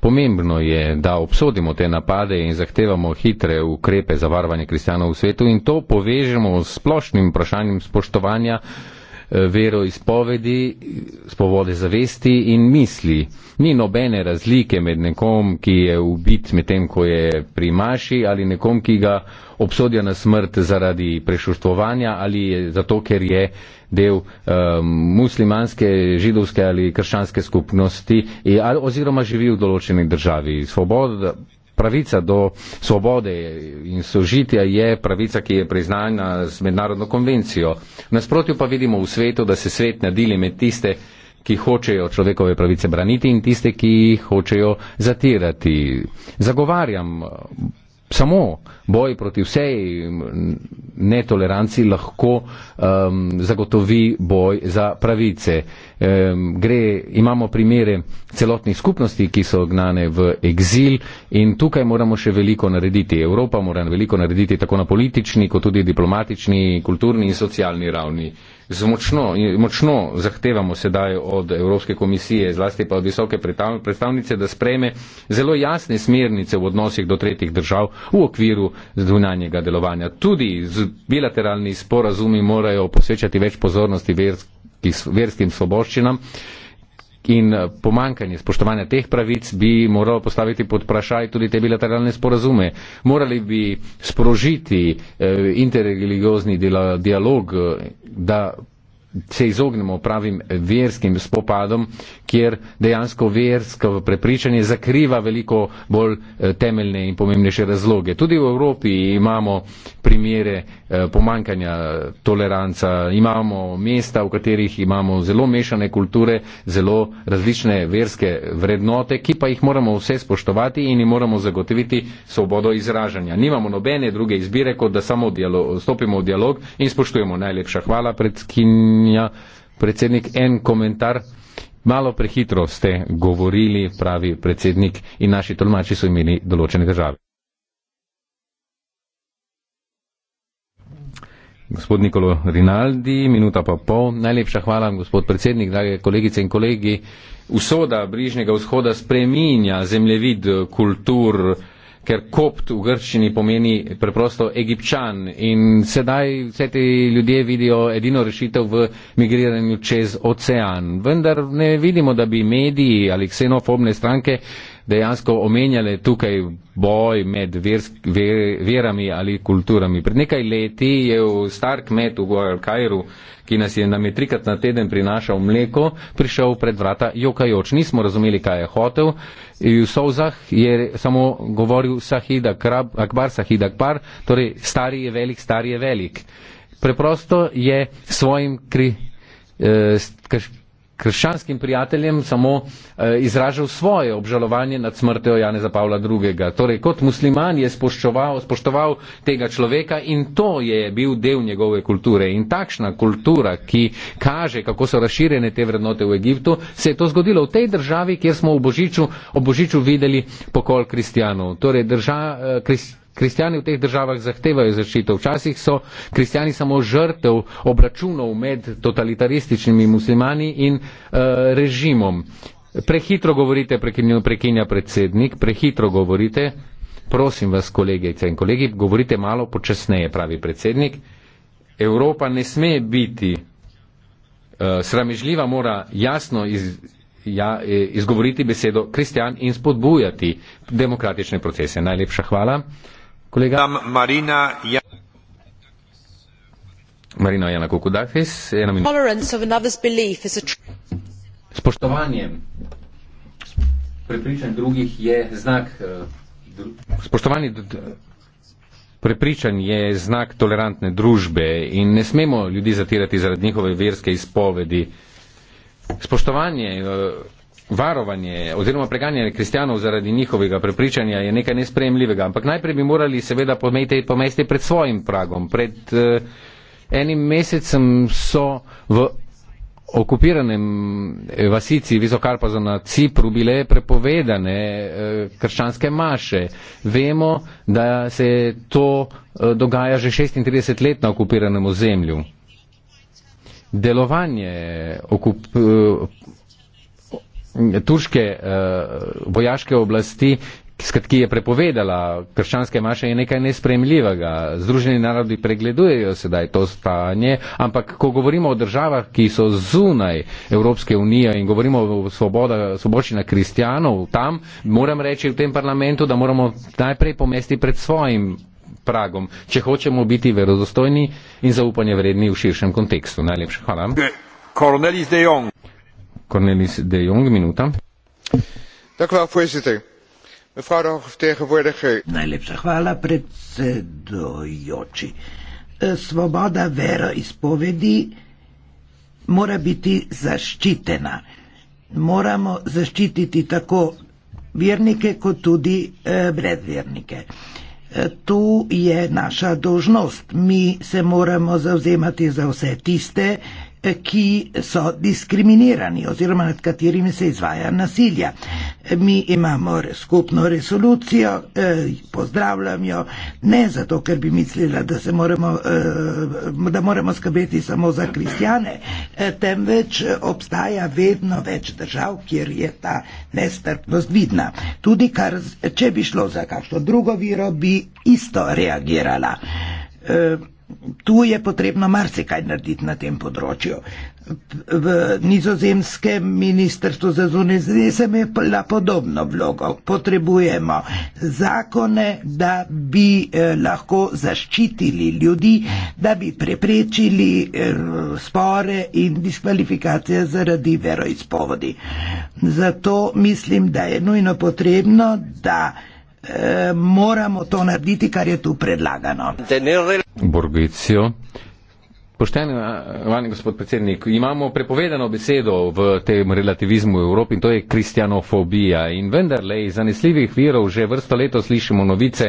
S3: Pomembno je, da obsodimo te napade in zahtevamo hitre ukrepe za varovanje kristjanov v svetu in to povežemo s splošnim vprašanjem spoštovanja eh, vero izpovedi, spovode zavesti in misli. Ni nobene razlike med nekom, ki je ubit med tem, ko je pri maši ali nekom, ki ga obsodja na smrt zaradi prešuštovanja ali zato, ker je del um, muslimanske, židovske ali krščanske skupnosti ali, oziroma živi v določeni državi. Svoboda, pravica do svobode in sožitja je pravica, ki je priznana z mednarodno konvencijo. Nasprotju pa vidimo v svetu, da se svet nadili med tiste, ki hočejo človekove pravice braniti in tiste, ki jih hočejo zatirati. Zagovarjam samo boj proti vsej netoleranci lahko um, zagotovi boj za pravice. Um, gre, imamo primere celotnih skupnosti, ki so gnane v egzil in tukaj moramo še veliko narediti. Evropa mora veliko narediti tako na politični, kot tudi diplomatični, kulturni in socialni ravni z močno, močno zahtevamo sedaj od Evropske komisije, zlasti pa od visoke predstavnice, da spreme zelo jasne smernice v odnosih do tretjih držav v okviru zunanjega delovanja. Tudi bilateralni sporazumi morajo posvečati več pozornosti verskim svoboščinam in eh, pomankanje spoštovanja teh pravic bi moralo postaviti pod vprašaj tudi te bilateralne sporazume. Morali bi sprožiti eh, interreligiozni dialog, eh, da se izognemo pravim verskim spopadom, kjer dejansko versko prepričanje zakriva veliko bolj eh, temeljne in pomembnejše razloge. Tudi v Evropi imamo primere eh, pomankanja toleranca, imamo mesta, v katerih imamo zelo mešane kulture, zelo različne verske vrednote, ki pa jih moramo vse spoštovati in jim moramo zagotoviti svobodo izražanja. Nimamo nobene druge izbire, kot da samo dialog, stopimo v dialog in spoštujemo. Najlepša hvala, predskinja predsednik, en komentar. Malo prehitro ste govorili, pravi predsednik, in naši tolmači so imeli določene težave. Gospod Nikolo Rinaldi, minuta pa pol. Najlepša hvala, gospod predsednik, drage kolegice in kolegi. Usoda Bližnjega vzhoda spreminja zemljevid kultur ker kopt v grščini pomeni preprosto egipčan in sedaj vse te ljudje vidijo edino rešitev v migriranju čez ocean. Vendar ne vidimo, da bi mediji ali ksenofobne stranke dejansko omenjale tukaj boj med versk, ver, verami ali kulturami. Pred nekaj leti je v star kmet v Gualkairu, ki nas je nam je trikrat na teden prinašal mleko, prišel pred vrata jokajoč. Nismo razumeli, kaj je hotel. In v solzah je samo govoril Sahid Akbar, Sahid Akbar, torej stari je velik, stari je velik. Preprosto je svojim kri, eh, krščanskim prijateljem samo eh, izražal svoje obžalovanje nad smrtjo Janeza Pavla II. Torej, kot musliman je spoštoval, spoštoval tega človeka in to je bil del njegove kulture. In takšna kultura, ki kaže, kako so razširjene te vrednote v Egiptu, se je to zgodilo v tej državi, kjer smo v Božiču, v Božiču videli pokol kristijanov. Torej, eh, Kristjani v teh državah zahtevajo zaščito. Včasih so kristjani samo žrtev obračunov med totalitarističnimi muslimani in uh, režimom. Prehitro govorite, prekinja predsednik, prehitro govorite, prosim vas, kolegice in kolegi, govorite malo počasneje, pravi predsednik. Evropa ne sme biti uh, sramežljiva, mora jasno iz, ja, e, izgovoriti besedo kristjan in spodbujati demokratične procese. Najlepša hvala. Kolega. Marina, ja. Marina Jana Kukudafis, ena minuta. Spoštovanje prepričanj drugih je znak. Eh, dru Spoštovanje prepričanj je znak tolerantne družbe in ne smemo ljudi zatirati zaradi njihove verske izpovedi. Spoštovanje. Uh, varovanje oziroma preganjanje kristijanov zaradi njihovega prepričanja je nekaj nespremljivega, ampak najprej bi morali seveda pomesti pred svojim pragom. Pred uh, enim mesecem so v okupiranem eh, vasici Vizokarpazo na Cipru bile prepovedane eh, krščanske maše. Vemo, da se to dogaja že 36 let na okupiranem ozemlju. Delovanje okup turške uh, vojaške oblasti, ki je prepovedala krščanske maše, je nekaj nespremljivega. Združeni narodi pregledujejo sedaj to stanje, ampak ko govorimo o državah, ki so zunaj Evropske unije in govorimo o svoboda, svoboščina kristijanov tam, moram reči v tem parlamentu, da moramo najprej pomesti pred svojim pragom, če hočemo biti verodostojni in zaupanje vredni v širšem kontekstu. Najlepša hvala. Cornelis de Jong cornelis de jong minuta.
S1: Dank u wel, voorzitter. Mevrouw de hoge vertegenwoordiger.
S2: Najlepša hvala, predsedojoči. Eh, svoboda veroizpovedi mora biti zaščitena. Moramo zaščititi tako vernike kot tudi eh, brezvernike. Eh, tu je naša dožnost. Mi se moramo zauzemati za vse tiste, Eh, ki so diskriminirani oziroma nad katerimi se izvaja nasilja. Mi imamo skupno resolucijo, eh, pozdravljam jo, ne zato, ker bi mislila, da, moramo, eh, da moramo skrbeti samo za kristjane, eh, temveč eh, obstaja vedno več držav, kjer je ta nestrpnost vidna. Tudi, kar, če bi šlo za kakšno drugo viro, bi isto reagirala. Eh, Tu je potrebno marsikaj narediti na tem področju. V nizozemskem ministrstvu za zunanje zveze je pa podobno vlogo. Potrebujemo zakone, da bi eh, lahko zaščitili ljudi, da bi preprečili eh, spore in diskvalifikacije zaradi veroizpovedi. Zato mislim, da je nujno potrebno, da eh, Eh, moramo to narediti, kar je tu predlagano.
S3: Borgicijo Pošteni, vani gospod predsednik, imamo prepovedano besedo v tem relativizmu v Evropi in to je kristjanofobija. In vendarle iz zanesljivih virov že vrsto leto slišimo novice,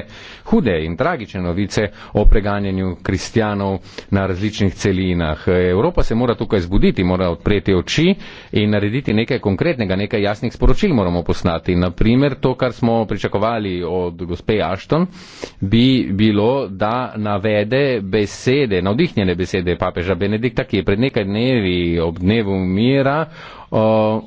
S3: hude in tragične novice o preganjanju kristjanov na različnih celinah. Evropa se mora tukaj zbuditi, mora odpreti oči in narediti nekaj konkretnega, nekaj jasnih sporočil moramo poslati. Naprimer, to, kar smo pričakovali od gospe Ashton, bi bilo, da navede besede, navdihnjene besede papeža Benedikta, ki je pred nekaj dnevi ob dnevu mira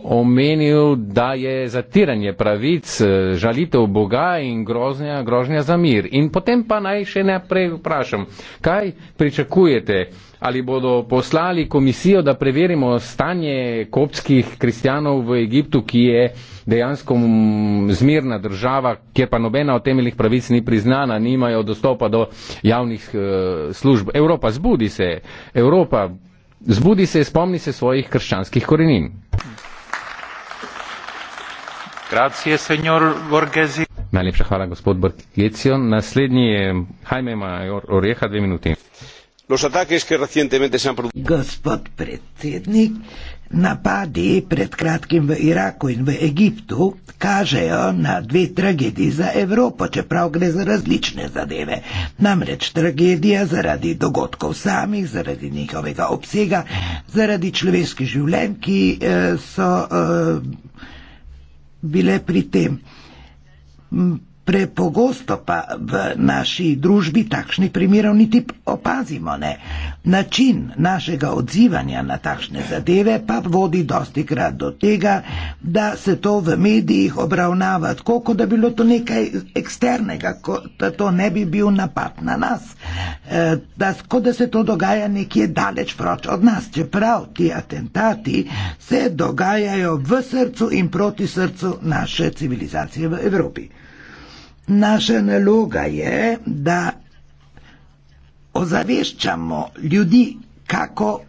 S3: omenil, da je zatiranje pravic, e, žalitev Boga in groznja, grožnja za mir. In potem pa naj še naprej vprašam, kaj pričakujete? ali bodo poslali komisijo, da preverimo stanje koptskih kristijanov v Egiptu, ki je dejansko zmirna država, kjer pa nobena od temeljnih pravic ni priznana, nimajo dostopa do javnih uh, služb. Evropa, zbudi se, Evropa, zbudi se, spomni se svojih krščanskih korenin. Grazie, signor Borghesi. Najlepša hvala, gospod Borghesi. Naslednji je Hajme Major Oreha, dve minuti los ataques que recientemente se han producido.
S2: Kažejo na dve tragediji za Evropo, čeprav gre za različne zadeve. Namreč tragedija zaradi dogodkov samih, zaradi njihovega obsega, zaradi človeških življenj, ki eh, so eh, bile pri tem. Prepogosto pa v naši družbi takšnih primerov niti opazimo ne. Način našega odzivanja na takšne zadeve pa vodi dosti krat do tega, da se to v medijih obravnava tako, kot da bilo to nekaj eksternega, kot da to ne bi bil napad na nas, e, da, kot da se to dogaja nekje daleč proč od nas, čeprav ti atentati se dogajajo v srcu in proti srcu naše civilizacije v Evropi. Naša naloga je, da ozaveščamo ljudi, kako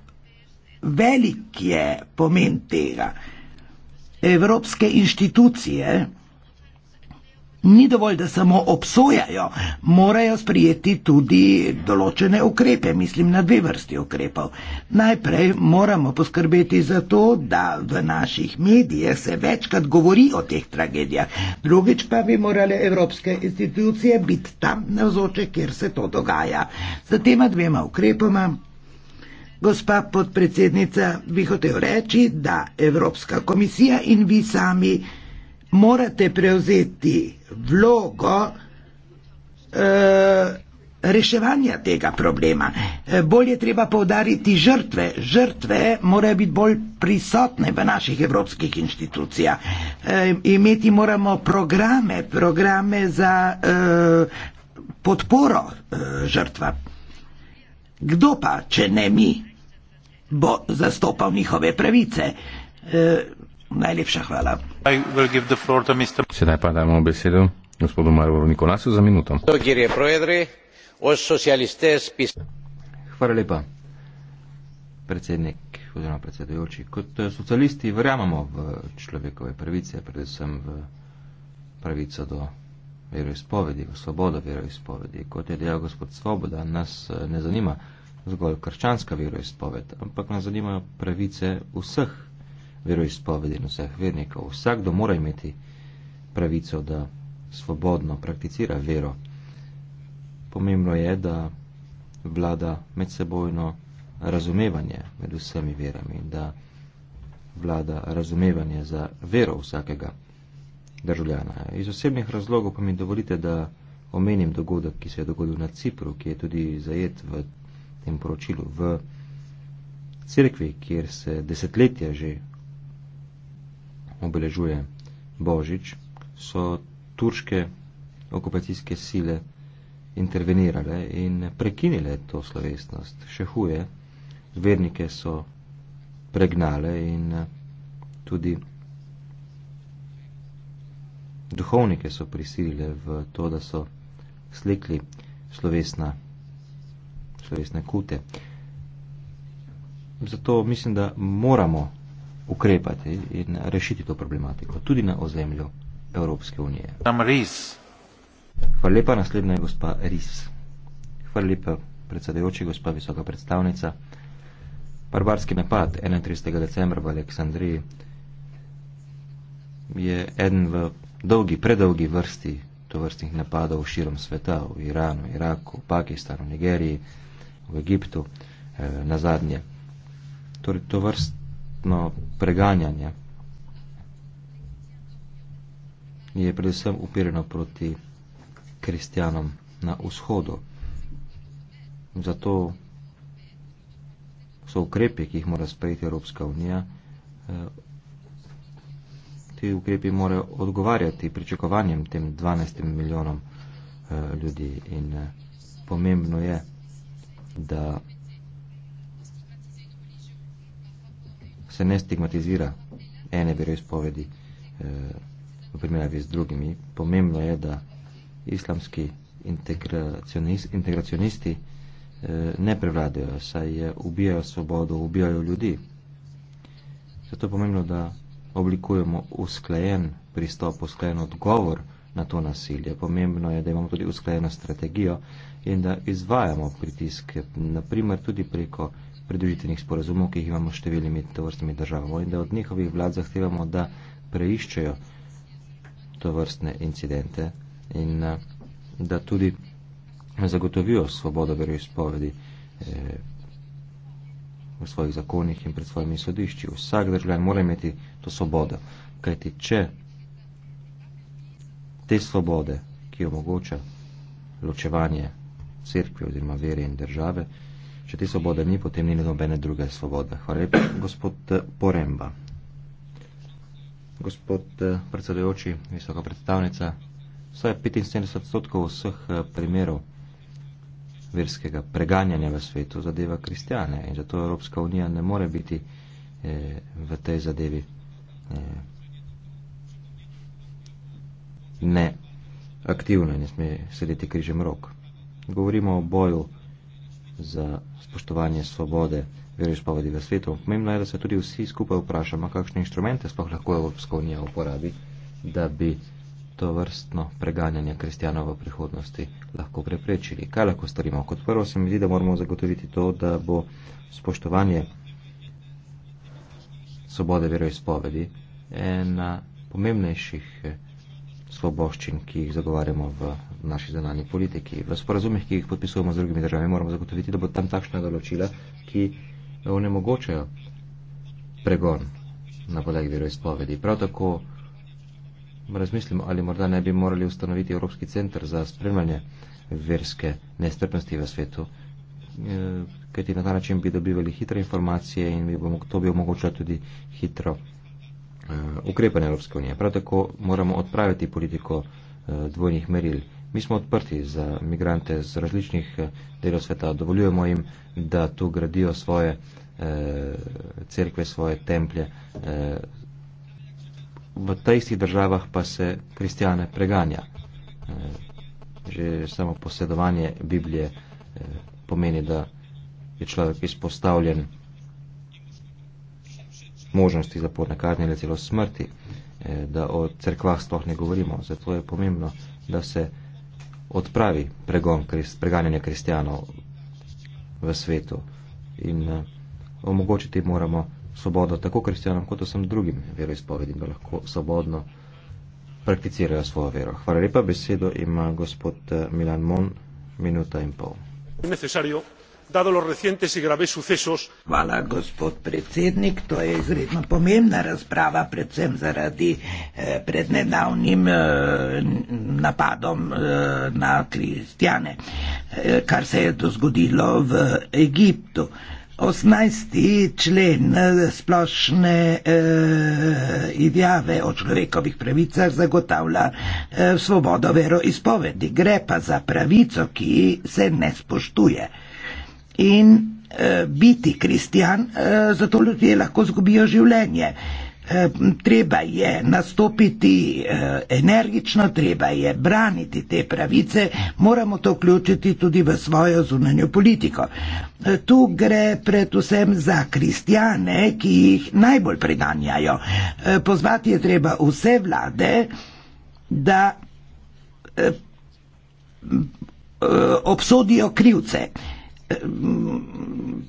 S2: velik je pomen tega. Evropske inštitucije, Ni dovolj, da samo obsojajo, morajo sprijeti tudi določene ukrepe, mislim na dve vrsti ukrepov. Najprej moramo poskrbeti za to, da v naših medijih se večkrat govori o teh tragedijah, drugič pa bi morale evropske institucije biti tam navzoče, kjer se to dogaja. Za tema dvema ukrepoma. Gospa podpredsednica, bi hotel reči, da Evropska komisija in vi sami morate prevzeti vlogo e, reševanja tega problema. E, eh, bolje je treba povdariti žrtve. Žrtve morajo biti bolj prisotne v naših evropskih inštitucijah. E, imeti moramo programe, programe za e, podporo e, žrtva. Kdo pa, če ne mi, bo zastopal njihove pravice? E, najlepša
S3: hvala. Sedaj pa damo besedo gospodu Marvoru Nikolasu za minuto. Hvala lepa,
S1: predsednik oziroma predsedujoči. Kot eh, socialisti verjamemo v človekove pravice, predvsem v pravico do veroizpovedi, v svobodo veroizpovedi. Kot je dejal gospod Svoboda, nas eh, ne zanima zgolj krščanska veroizpoved, ampak nas zanimajo pravice vseh veroizpovedi in vseh vernikov. Vsakdo mora imeti pravico, da svobodno prakticira vero. Pomembno je, da vlada medsebojno razumevanje med vsemi verami, da vlada razumevanje za vero vsakega državljana. Iz osebnih razlogov pa mi dovolite, da omenim dogodek, ki se je dogodil na Cipru, ki je tudi zajet v tem poročilu. V cerkvi, kjer se desetletja že obeležuje Božič, so turške okupacijske sile intervenirale in prekinile to slovesnost. Še huje, vernike so pregnale in eh, tudi duhovnike so prisilile v to, da so slikli slovesna, slovesne kute. Zato mislim, da moramo ukrepati in rešiti to problematiko, tudi na ozemlju Evropske unije. Hvala lepa, naslednja je gospa Ris. Hvala lepa, predsedajoči, gospa visoka predstavnica. Barbarski napad 31. decembra v Aleksandriji je eden v dolgi, predolgi vrsti tovrstnih napadov širom sveta, v Iranu, Iraku, Pakistanu, Nigeriji, v Egiptu, eh, na zadnje. Torej, to vrst smrtno preganjanje je predvsem upirjeno proti kristjanom na vzhodu. Zato so ukrepi, ki jih mora sprejeti Evropska unija, eh, ti ukrepi morajo odgovarjati pričakovanjem tem 12 milijonom eh, ljudi. In eh, pomembno je, da se ne stigmatizira ene veroizpovedi eh, v primerjavi z drugimi. Pomembno je, da islamski integracionist, integracionisti eh, ne prevladajo, saj ubijajo svobodo, ubijajo ljudi. Zato je pomembno, da oblikujemo usklajen pristop, usklajen odgovor na to nasilje. Pomembno je, da imamo tudi usklajeno strategijo in da izvajamo pritisk, naprimer tudi preko predvidenih sporazumov, ki jih imamo številni med to vrstnimi državami in da od njihovih vlad zahtevamo, da preiščejo to vrstne incidente in eh, da tudi zagotovijo svobodo veroizpovedi eh, v svojih zakonih in pred svojimi sodišči. Vsak državljan mora imeti to svobodo, kajti če te svobode, ki omogoča ločevanje crkve oziroma vere in države, eh, Če te svobode ni, potem ni nobene druge svobode. Hvala lepa, gospod eh, Poremba. Gospod eh, predsedujoči, visoka predstavnica, vse 75 odstotkov vseh eh, primerov verskega preganjanja v svetu zadeva kristjane in zato Evropska unija ne more biti eh, v tej zadevi eh, neaktivna in ne sme sedeti križem rok. Govorimo o boju za spoštovanje svobode verišpovedi v svetu. Pomembno je, da se tudi vsi skupaj vprašamo, kakšne inštrumente sploh lahko Evropska unija uporabi, da bi to vrstno preganjanje kristijanov v prihodnosti lahko preprečili. Kaj lahko storimo? Kot prvo se mi zdi, da moramo zagotoviti to, da bo spoštovanje svobode veroizpovedi ena pomembnejših eh, svoboščin, ki jih zagovarjamo v naši zanani politiki. V sporazumih, ki jih podpisujemo z drugimi državami, moramo zagotoviti, da bo tam takšna določila, ki onemogočajo pregon na podlagi veroizpovedi. Prav tako razmislimo, ali morda ne bi morali ustanoviti Evropski centr za spremljanje verske nestrpnosti v svetu, eh, kajti na ta način bi dobivali hitre informacije in bi bomo, to bi omogočilo tudi hitro eh, ukrepanje Evropske unije. Prav tako moramo odpraviti politiko eh, dvojnih meril. Mi smo odprti za migrante z različnih eh, delov sveta, dovoljujemo jim, da tu gradijo svoje eh, cerkve, svoje templje. Eh, v tajstih državah pa se kristijane preganja. Eh, že samo posedovanje Biblije eh, pomeni, da je človek izpostavljen možnosti zaporne kazni ali celo smrti, eh, da o cerkvah sploh ne govorimo. Zato je pomembno, da se odpravi pregon, preganjanje kristijanov v svetu in eh, omogočiti moramo svobodo tako kristijanom kot vsem drugim veroizpovedim, da lahko svobodno prakticirajo svojo vero. Hvala lepa, besedo ima gospod eh, Milan
S2: Mon, minuta in pol.
S3: Necesario dado los recientes y graves sucesos.
S2: Hvala, gospod predsednik, to je izredno pomembna razprava, predvsem zaradi eh, prednedavnim eh, napadom eh, na kristjane, eh, kar se je to zgodilo v Egiptu. 18. člen eh, splošne eh, izjave o človekovih pravicah zagotavlja eh, svobodo veroizpovedi, gre pa za pravico, ki se ne spoštuje in uh, biti kristjan, uh, zato ljudje lahko zgubijo življenje. Eh, treba je nastopiti energično, treba je braniti te pravice, moramo to vključiti tudi v svojo zunanjo politiko. Tu gre predvsem za kristjane, ki jih najbolj preganjajo. Pozvati je treba vse vlade, da obsodijo krivce. Ehm,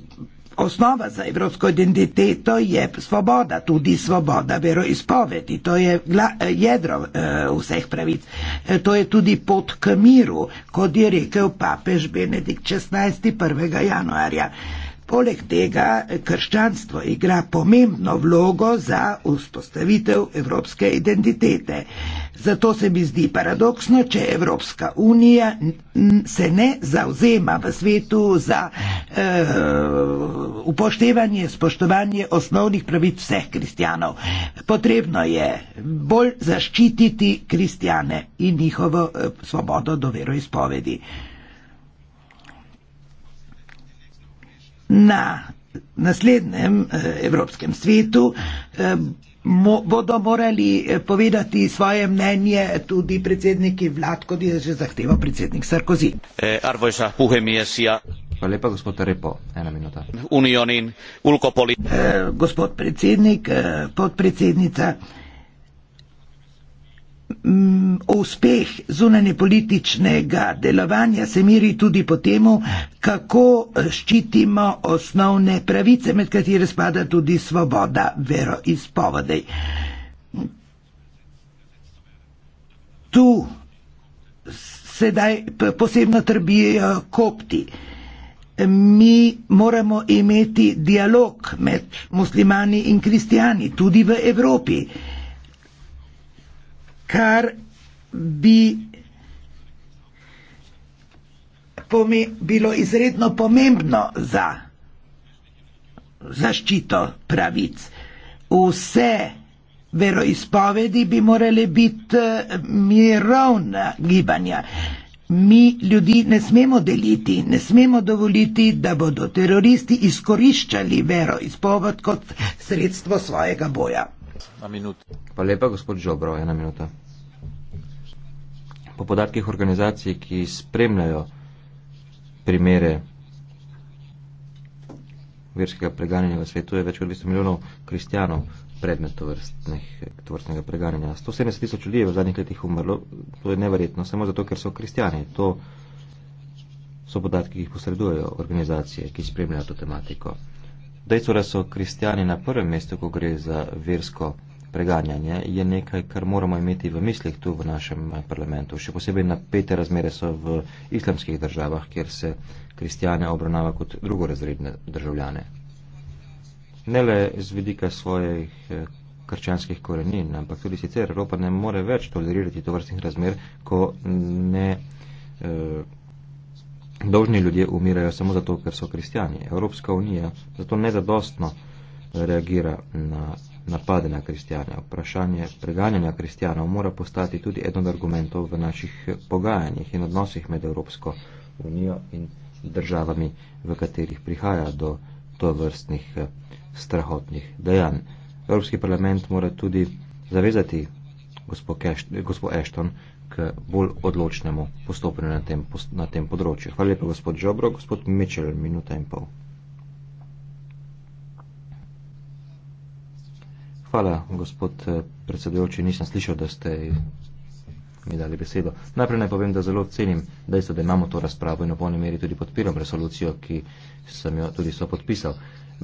S2: osnova za evropsko identiteto je svoboda, tudi svoboda veroizpovedi. To je jedro eh, vseh pravic. E, to je tudi pot k miru, kot je rekel papež Benedikt 16. 1. januarja. Poleg tega eh, krščanstvo igra pomembno vlogo za vzpostavitev evropske identitete. Zato se mi zdi paradoksno, če Evropska unija se ne zauzema v svetu za uh, upoštevanje, spoštovanje osnovnih pravic vseh kristijanov. Potrebno je bolj zaščititi kristijane in njihovo uh, svobodo do veroizpovedi. Na naslednjem uh, Evropskem svetu uh, mo, bodo morali eh, povedati svoje mnenje tudi predsedniki vlad, kot je že zahteval predsednik Sarkozy. E, Hvala lepa, gospod Repo. Ena minuta. Unionin, ulkopolitik. E, eh, gospod predsednik, podpredsednica. Mm, uspeh zunanje političnega delovanja se meri tudi po tem, kako ščitimo osnovne pravice, med katere spada tudi svoboda veroizpovedi. Tu sedaj posebno trbijo kopti. Mi moramo imeti dialog med muslimani in kristijani, tudi v Evropi kar bi bilo izredno pomembno za zaščito pravic. Vse veroizpovedi bi morale biti eh, mirovna gibanja. Mi ljudi ne smemo deliti, ne smemo dovoliti, da bodo teroristi izkoriščali veroizpoved kot sredstvo svojega boja
S1: na minuto. Pa lepa, gospod Žobro, ena minuta. Po podatkih organizacij, ki spremljajo primere verskega preganjanja v svetu, je več kot 200 milijonov kristjanov predmet tovrstnega preganjanja. 170 tisoč ljudi je v zadnjih letih umrlo, to je neverjetno, samo zato, ker so kristjani. To so podatki, ki jih posredujejo organizacije, ki spremljajo to tematiko. Dejstvo, da so kristijani na prvem mestu, ko gre za versko preganjanje, je nekaj, kar moramo imeti v mislih tu v našem eh, parlamentu. Še posebej napete razmere so v islamskih državah, kjer se kristijane obravnava kot drugorazredne državljane. Ne le z vidika svojih eh, krčanskih korenin, ampak tudi sicer Evropa ne more več tolerirati to vrstnih razmer, ko ne. Eh, dolžni ljudje umirajo samo zato, ker so kristijani. Evropska unija zato nezadostno reagira na napade na kristijane. Vprašanje preganjanja kristijanov mora postati tudi eden od argumentov v naših pogajanjih in odnosih med Evropsko unijo in državami, v katerih prihaja do to vrstnih eh, strahotnih dejanj. Evropski parlament mora tudi zavezati gospod Ashton, bolj odločnemu postopanju na tem, na tem področju. Hvala lepa, gospod Žobro. Gospod Mičel, minuta in pol. Hvala, gospod eh, predsedujoči. Nisem slišal, da ste mi dali besedo. Najprej naj povem, da zelo cenim dejstvo, da imamo to razpravo in v polni meri tudi podpiram resolucijo, ki sem jo tudi so podpisal.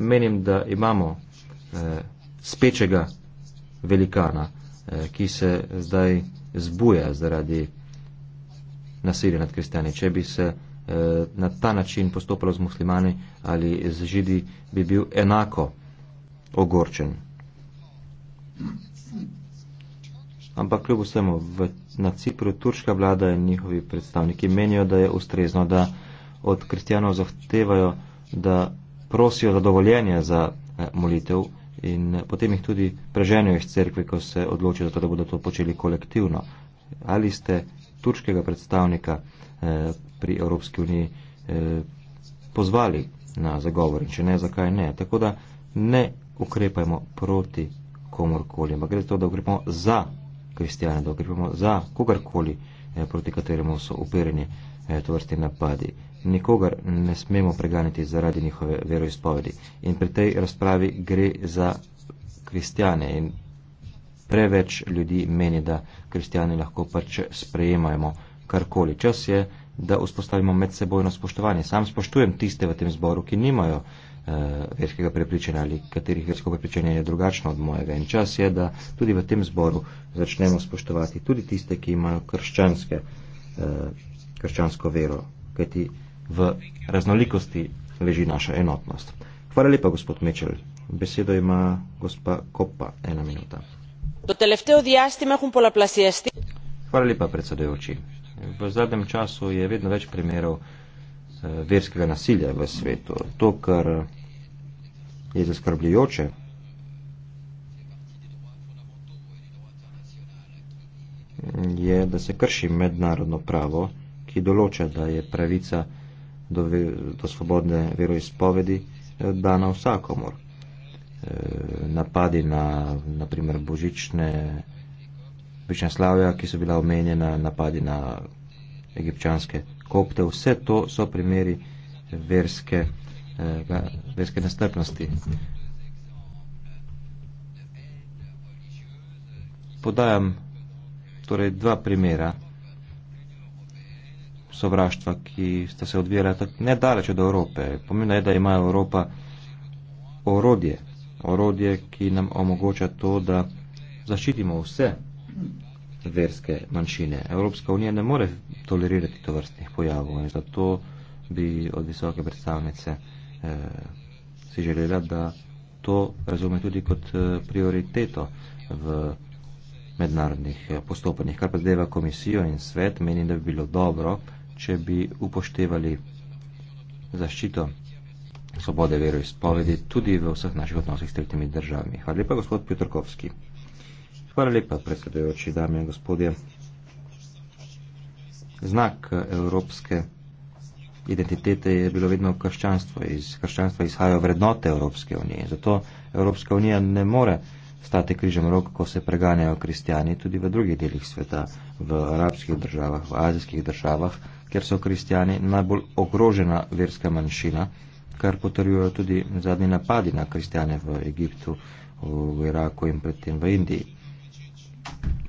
S1: Menim, da imamo eh, spečega velikana, eh, ki se zdaj zbuja zaradi nasilja nad kristjani. Če bi se eh, na ta način postopalo z muslimani ali z židi, bi bil enako ogorčen. Ampak kljub vsemu, v, na Cipru turška vlada in njihovi predstavniki menijo, da je ustrezno, da od kristjanov zahtevajo, da prosijo za dovoljenje za eh, molitev in potem jih tudi preženijo iz cerkve, ko se odločijo, da bodo to počeli kolektivno. Ali ste turškega predstavnika eh, pri Evropski uniji eh, pozvali na zagovor in če ne, zakaj ne? Tako da ne ukrepajmo proti komorkoli, ampak gre za to, da ukrepamo za kristijane, da ukrepamo za kogarkoli, eh, proti kateremu so upereni eh, to vrste napadi nikogar ne smemo preganjati zaradi njihove veroizpovedi. In pri tej razpravi gre za kristjane in preveč ljudi meni, da kristjani lahko pač sprejemajmo karkoli. Čas je, da vzpostavimo medsebojno spoštovanje. Sam spoštujem tiste v tem zboru, ki nimajo uh, verskega prepričanja ali katerih versko prepričanje je drugačno od mojega. In čas je, da tudi v tem zboru začnemo spoštovati tudi tiste, ki imajo krščanske, uh, krščansko vero. Kajti v raznolikosti leži naša enotnost. Hvala lepa, gospod Mečel. Besedo ima gospa Kopa, ena minuta. Hvala lepa, predsedujoči. V zadnjem času je vedno več primerov eh, verskega nasilja v svetu. To, kar je zaskrbljujoče, je, da se krši mednarodno pravo, ki določa, da je pravica do, do svobodne veroizpovedi eh, dana vsakomor. Eh, napadi na, na primer, božične Bičanslavja, ki so bila omenjena, napadi na egipčanske kopte, vse to so primeri verske, eh, verske nestrpnosti. Podajam torej dva primera sovraštva, ki sta se odvijala nedaleč od Evrope. Pomembno je, da ima Evropa orodje, orodje, ki nam omogoča to, da zaščitimo vse verske manjšine. Evropska unija ne more tolerirati to vrstnih pojavov in zato bi od visoke predstavnice eh, si želela, da to razume tudi kot eh, prioriteto v mednarodnih eh, postopanjih. Kar pa zdajva komisijo in svet, menim, da bi bilo dobro, če bi upoštevali zaščito svobode veroizpovedi tudi v vseh naših odnosih s tretjimi državami. Hvala lepa, gospod Pjotrkovski. Hvala lepa, predsedujoči dame in gospodje. Znak eh, evropske identitete je bilo vedno krščanstvo. Iz krščanstva izhajajo vrednote Evropske unije. Zato Evropska unija ne more Stati križem rok, ko se preganjajo kristjani tudi v drugih delih sveta, v arabskih državah, v azijskih državah, ker so kristjani najbolj ogrožena verska manjšina, kar potrjujejo tudi zadnji napadi na kristjane v Egiptu, v Iraku in predtem v Indiji.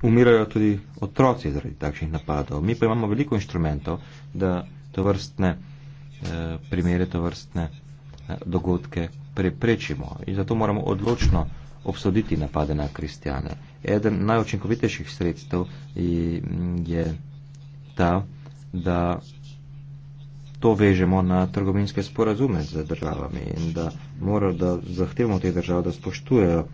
S1: Umirajo tudi otroci zaradi takšnih napadov. Mi pa imamo veliko inštrumentov, da to vrstne eh, primere, to vrstne eh, dogodke preprečimo. In zato moramo odločno obsoditi napade na kristjane. Eden najučinkovitejših sredstev je ta, da to vežemo na trgovinske sporazume z državami in da mora, da zahtevamo te države, da spoštujejo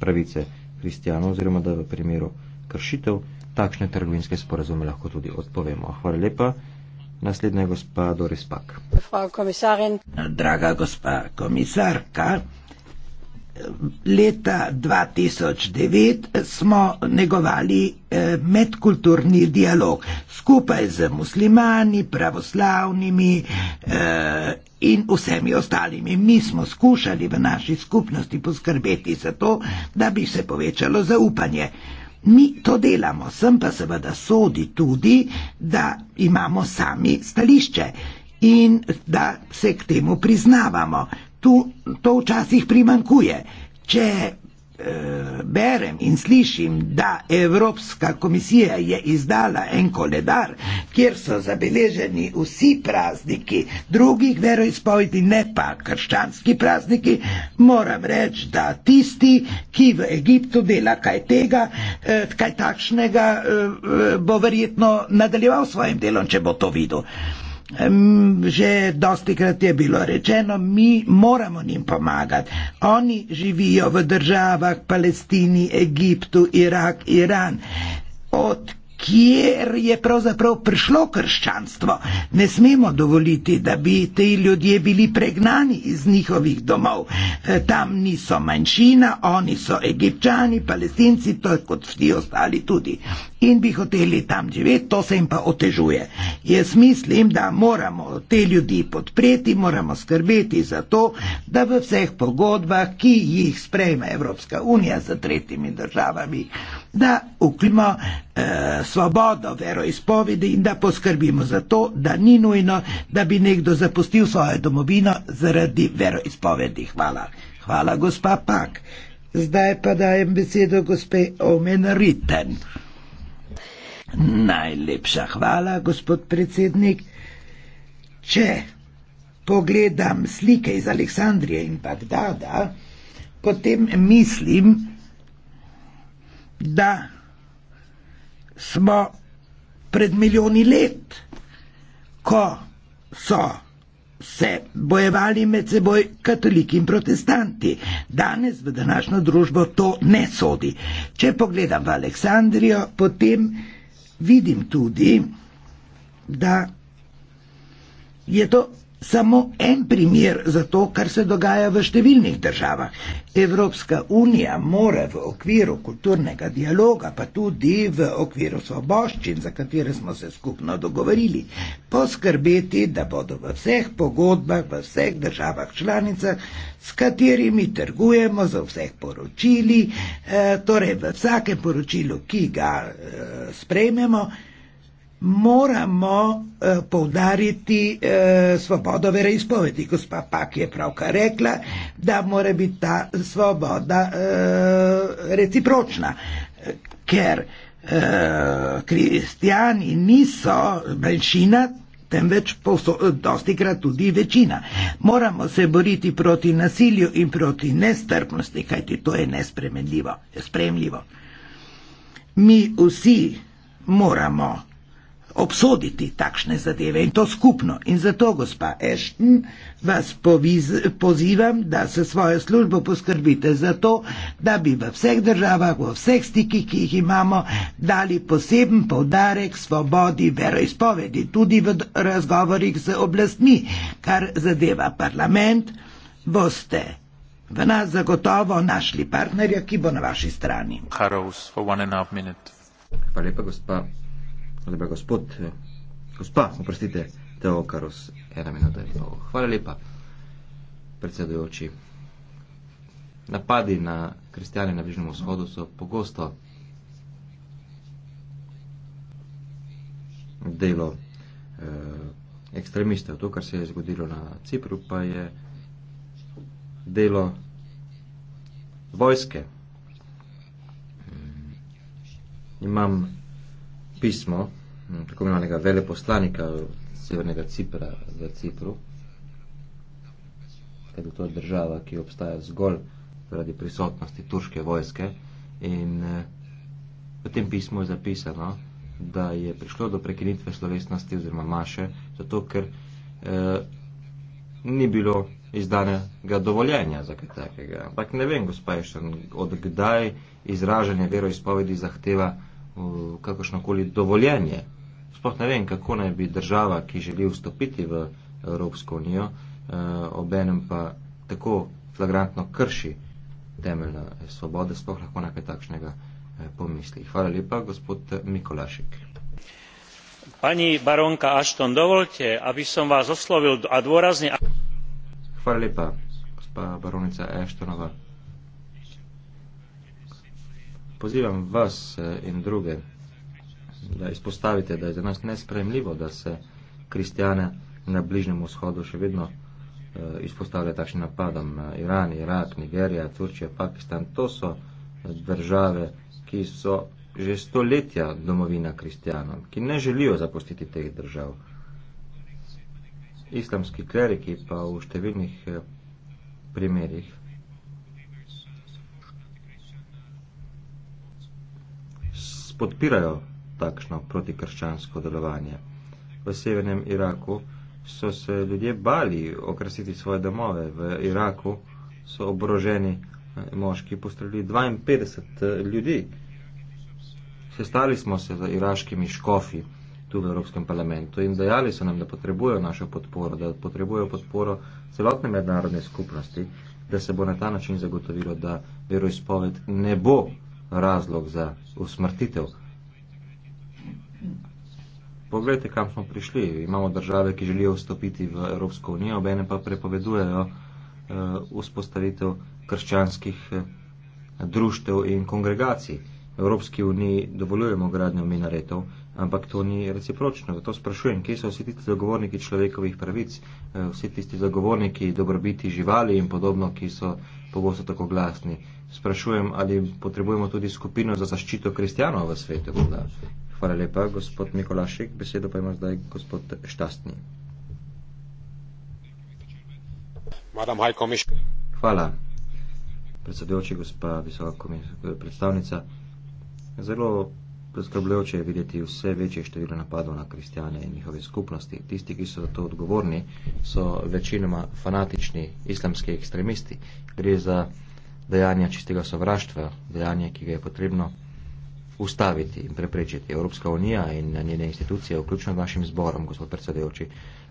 S1: pravice kristjanov oziroma da v primeru kršitev takšne trgovinske sporazume lahko tudi odpovemo. Hvala lepa.
S2: Naslednja gospa Doris Pak.
S1: Frau Kommissarin.
S2: Draga gospa komisarka leta 2009 smo negovali eh, medkulturni dialog skupaj z muslimani, pravoslavnimi eh, in vsemi ostalimi. Mi smo skušali v naši skupnosti poskrbeti za to, da bi se povečalo zaupanje. Mi to delamo, sem pa seveda sodi tudi, da imamo sami stališče in da se k temu priznavamo tu, to včasih primankuje. Če e, berem in slišim, da Evropska komisija je izdala en koledar, kjer so zabeleženi vsi prazniki drugih veroizpovedi, ne pa krščanski prazniki, moram reči, da tisti, ki v Egiptu dela kaj tega, e, kaj takšnega, e, bo verjetno nadaljeval s svojim delom, če bo to videl. Že dosti krat je bilo rečeno, mi moramo njim pomagati. Oni živijo v državah Palestini, Egiptu, Irak, Iran. Od kjer je pravzaprav prišlo krščanstvo. Ne smemo dovoliti, da bi te ljudje bili pregnani iz njihovih domov. E, tam niso manjšina, oni so egipčani, palestinci, to je kot vsi ostali tudi. In bi hoteli tam živeti, to se jim pa otežuje. Jaz mislim, da moramo te ljudi podpreti, moramo skrbeti za to, da v vseh pogodbah, ki jih sprejme Evropska unija z tretjimi državami, da uklimo eh, svobodo veroizpovedi in da poskrbimo za to, da ni nujno, da bi nekdo zapustil svojo domovino zaradi veroizpovedi. Hvala. Hvala, gospa Pak. Zdaj pa dajem besedo gospe Omen Riten. Najlepša hvala, gospod predsednik. Če pogledam slike iz Aleksandrije in Bagdada, potem mislim, da smo pred milijoni let, ko so se bojevali med seboj katoliki in protestanti. Danes v današnjo družbo to ne sodi. Če pogledam v Aleksandrijo, potem vidim tudi, da je to samo en primer za to, kar se dogaja v številnih državah. Evropska unija mora v okviru kulturnega dialoga, pa tudi v okviru svoboščin, za katere smo se skupno dogovorili, poskrbeti, da bodo v vseh pogodbah, v vseh državah članicah, s katerimi trgujemo za vseh poročili, eh, torej v vsakem poročilu, ki ga eh, sprejmemo, moramo eh, povdariti eh, svobodo vereizpovedi. Gospa Pak je pravkar rekla, da mora biti ta svoboda eh, recipročna, ker eh, kristijani niso manjšina, temveč poso, dosti krat tudi večina. Moramo se boriti proti nasilju in proti nestrpnosti, kajti to je nespremenljivo, je spremljivo. Mi vsi moramo obsoditi takšne zadeve in to skupno. In zato, gospa Ešten, vas poviz, pozivam, da se svojo službo poskrbite za to, da bi v vseh državah, v vseh stikih, ki jih imamo, dali poseben povdarek svobodi veroizpovedi, tudi v razgovorih z oblastmi, kar zadeva parlament, boste. V nas zagotovo našli partnerja, ki bo na vaši strani.
S1: Hvala lepa, gospa lepa, gospod, gospa, oprostite, Teo Karos, ena minuta in pol. Hvala lepa, predsedujoči. Napadi na kristjane na Bližnjem vzhodu so pogosto delo eh, ekstremistov. To, kar se je zgodilo na Cipru, pa je delo vojske. Imam pismo mm, tako imenovanega veleposlanika severnega Cipra v Cipru, ker to je država, ki obstaja zgolj zaradi prisotnosti turške vojske. In eh, v tem pismu je zapisano, da je prišlo do prekinitve slovesnosti oziroma maše, zato ker eh, ni bilo izdanega dovoljenja za kaj takega. Ampak ne vem, gospa Ješen, odkdaj izražanje veroizpovedi zahteva kakršnokoli dovoljenje. Sploh ne vem, kako naj bi država, ki želi vstopiti v Evropsko unijo, eh, obenem pa tako flagrantno krši temeljne svobode, sploh lahko nekaj takšnega eh, pomisli. Hvala lepa, gospod Mikolašik. Pani baronka Ashton, dovolite, aby som vás oslovil a dôrazne... Hvala lepa, gospa baronica Ashtonova pozivam vas eh, in druge, da izpostavite, da je za nas nespremljivo, da se kristijane na bližnjem vzhodu še vedno eh, izpostavlja takšnim napadom. Eh, Iran, Irak, Nigerija, Turčija, Pakistan, to so države, ki so že stoletja domovina kristijanom, ki ne želijo zapustiti teh držav. Islamski kleriki pa v številnih primerjih podpirajo takšno protikrščansko delovanje. V severnem Iraku so se ljudje bali okrasiti svoje domove, v Iraku so obroženi eh, moški postrelili 52 eh, ljudi. Sestali smo se z iraškimi škofi tu v Evropskem parlamentu in dejali so nam, da potrebujejo našo podporo, da potrebujejo podporo celotne mednarodne skupnosti, da se bo na ta način zagotovilo, da veroizpoved ne bo razlog za usmrtitev. Poglejte, kam smo prišli. Imamo države, ki želijo vstopiti v Evropsko unijo, obene pa prepovedujejo uh, vzpostavitev krščanskih uh, društev in kongregacij. V Evropski uniji dovoljujemo gradnjo minaretov, ampak to ni recipročno. Zato sprašujem, kje so vsi tisti zagovorniki človekovih pravic, uh, vsi tisti zagovorniki dobrobiti živali in podobno, ki so pogosto tako glasni. Uh, sprašujem, ali potrebujemo tudi skupino za zaščito kristijanov v svetu. Da. Hvala lepa, gospod Mikolašik. Besedo pa ima zdaj gospod Štastni. Hvala, predsedujoči, gospa visoka predstavnica. Zelo preskrbljujoče je videti vse večje število napadov na kristijane in njihove skupnosti. Tisti, ki so za to odgovorni, so večinoma fanatični islamski ekstremisti. Gre za dejanja čistega sovraštva, dejanje, ki ga je potrebno ustaviti in preprečiti. Evropska unija in njene institucije, vključno našim zborom, gospod predsedujoči,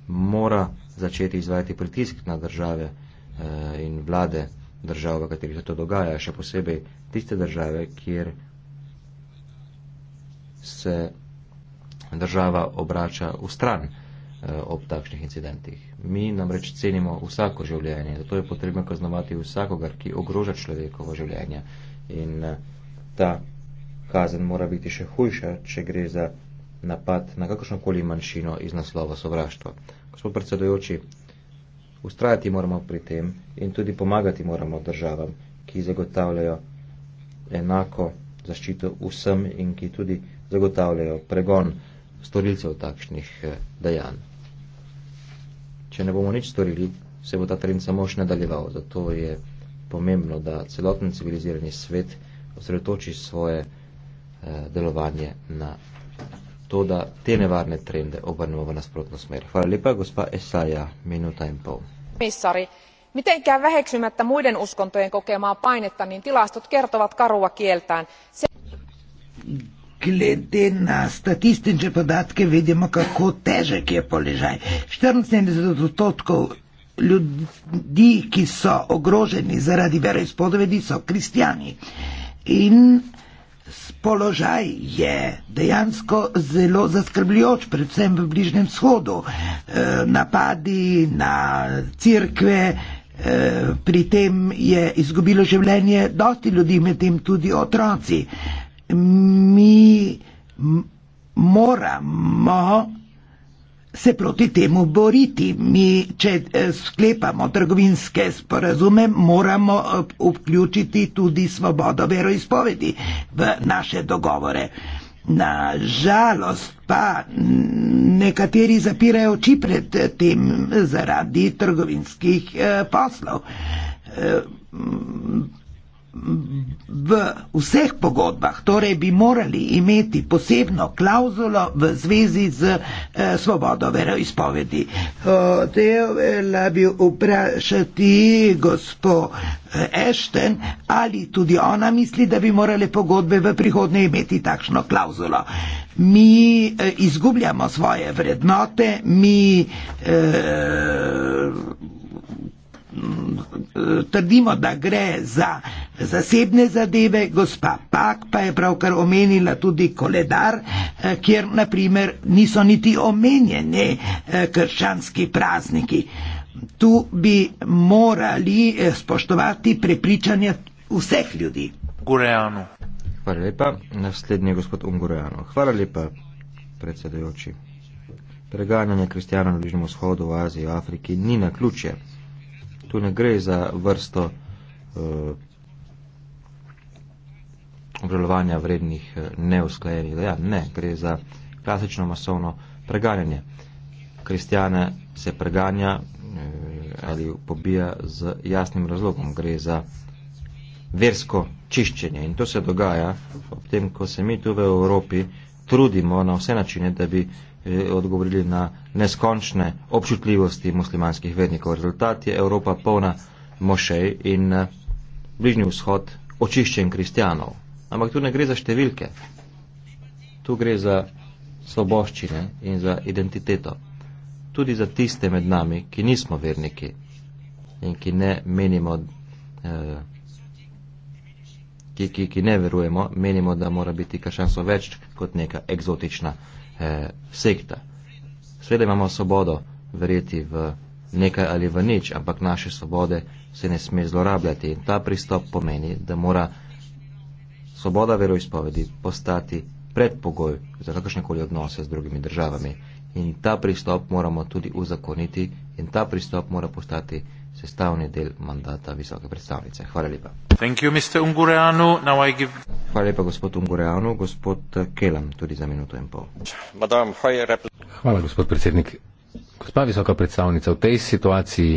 S1: mora začeti izvajati pritisk na države eh, in vlade držav, v katerih se to dogaja, še posebej tiste države, kjer se država obrača v stran eh, ob takšnih incidentih. Mi namreč cenimo vsako življenje, zato je potrebno kaznovati vsakogar, ki ogroža človekovo življenje. In eh, ta kazen mora biti še hujša, če gre za napad na kakršnokoli manjšino iz naslova sovraštva. Gospod predsedujoči, ustrajati moramo pri tem in tudi pomagati moramo državam, ki zagotavljajo enako zaščito vsem in ki tudi zagotavljajo pregon storilcev takšnih eh, dejanj če ne bomo nič storili, se bo ta trend samo še nadaljeval. Zato je pomembno, da celoten civilizirani svet osredotoči svoje eh, delovanje na to, da te nevarne trende obrnemo v nasprotno smer. Hvala lepa, gospa Esaja, minuta in pol.
S2: Misari. Mitenkään väheksymättä muiden uskontojen kokemaa painetta, niin tilastot kertovat karua kieltään. Se... Mm. Glede na statistične podatke vidimo, kako težek je položaj. 74 odstotkov ljudi, ki so ogroženi zaradi veroizpovedi, so kristijani. In položaj je dejansko zelo zaskrbljujoč, predvsem v Bližnjem shodu. E, napadi na crkve, e, pri tem je izgubilo življenje dosti ljudi, med tem tudi otroci mi moramo se proti temu boriti. Mi, če eh, sklepamo trgovinske sporazume, moramo eh, vključiti tudi svobodo veroizpovedi v naše dogovore. Na žalost pa nekateri zapirajo oči pred tem zaradi trgovinskih eh, poslov v vseh pogodbah, torej bi morali imeti posebno klauzulo v zvezi z eh, svobodo veroizpovedi. Hotevela bi vprašati gospod Ešten, eh, ali tudi ona misli, da bi morale pogodbe v prihodnje imeti takšno klauzulo. Mi eh, izgubljamo svoje vrednote, mi eh, trdimo, da gre za zasebne zadeve, gospa Pak pa je pravkar omenila tudi koledar, eh, kjer naprimer niso niti omenjeni eh, krščanski prazniki. Tu bi morali eh, spoštovati prepričanje vseh ljudi.
S3: Gurejano.
S1: Hvala lepa. Naslednji je gospod Ungurejano. Hvala lepa, predsedajoči. Preganjanje kristijana na Bližnjem vzhodu, v Aziji, v Afriki ni na ključje tu ne gre za vrsto uh, obžalovanja vrednih eh, neusklajenih dejanj, ne, gre za klasično masovno preganjanje. Kristjane se preganja uh, ali pobija z jasnim razlogom, gre za versko čiščenje in to se dogaja ob tem, ko se mi tu v Evropi trudimo na vse načine, da bi uh, odgovorili na neskončne občutljivosti muslimanskih vednikov. Rezultat je Evropa polna mošej in eh, bližnji vzhod očiščen kristijanov. Ampak tu ne gre za številke, tu gre za soboščine in za identiteto. Tudi za tiste med nami, ki nismo verniki in ki ne menimo, eh, ki, ki, ki ne verujemo, menimo, da mora biti kašanstvo več kot neka eksotična eh, sekta. Sveda imamo svobodo verjeti v nekaj ali v nič, ampak naše svobode se ne sme zlorabljati. In ta pristop pomeni, da mora svoboda veroizpovedi postati predpogoj za kakršnekoli odnose z drugimi državami. In ta pristop moramo tudi uzakoniti in ta pristop mora postati predpogoj sestavni del mandata visoke predstavnice. Hvala lepa.
S3: You, give...
S1: Hvala lepa, gospod Ungureanu. Gospod
S3: Kelam, tudi za minuto in pol. Hvala, gospod predsednik. Gospa visoka predstavnica, v tej situaciji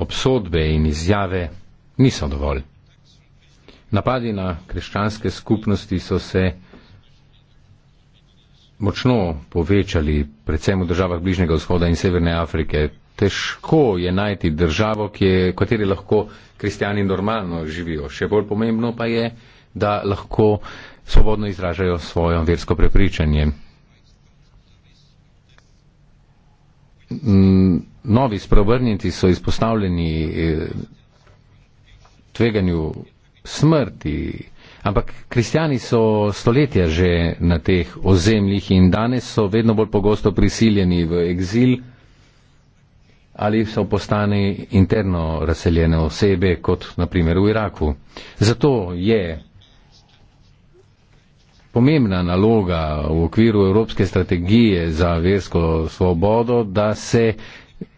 S3: obsodbe in izjave niso dovolj. Napadi na krščanske skupnosti so se močno povečali, predvsem v državah Bližnjega vzhoda in Severne Afrike, težko je najti državo, je, kateri lahko kristijani normalno živijo. Še bolj pomembno pa je, da lahko svobodno izražajo svojo versko prepričanje. Mm, novi spravrnjenci so izpostavljeni eh, tveganju smrti, ampak kristijani so stoletja že na teh ozemljih in danes so vedno bolj pogosto prisiljeni v eksil ali so postane interno razseljene osebe, kot naprimer v Iraku. Zato je pomembna naloga v okviru Evropske strategije za versko svobodo, da se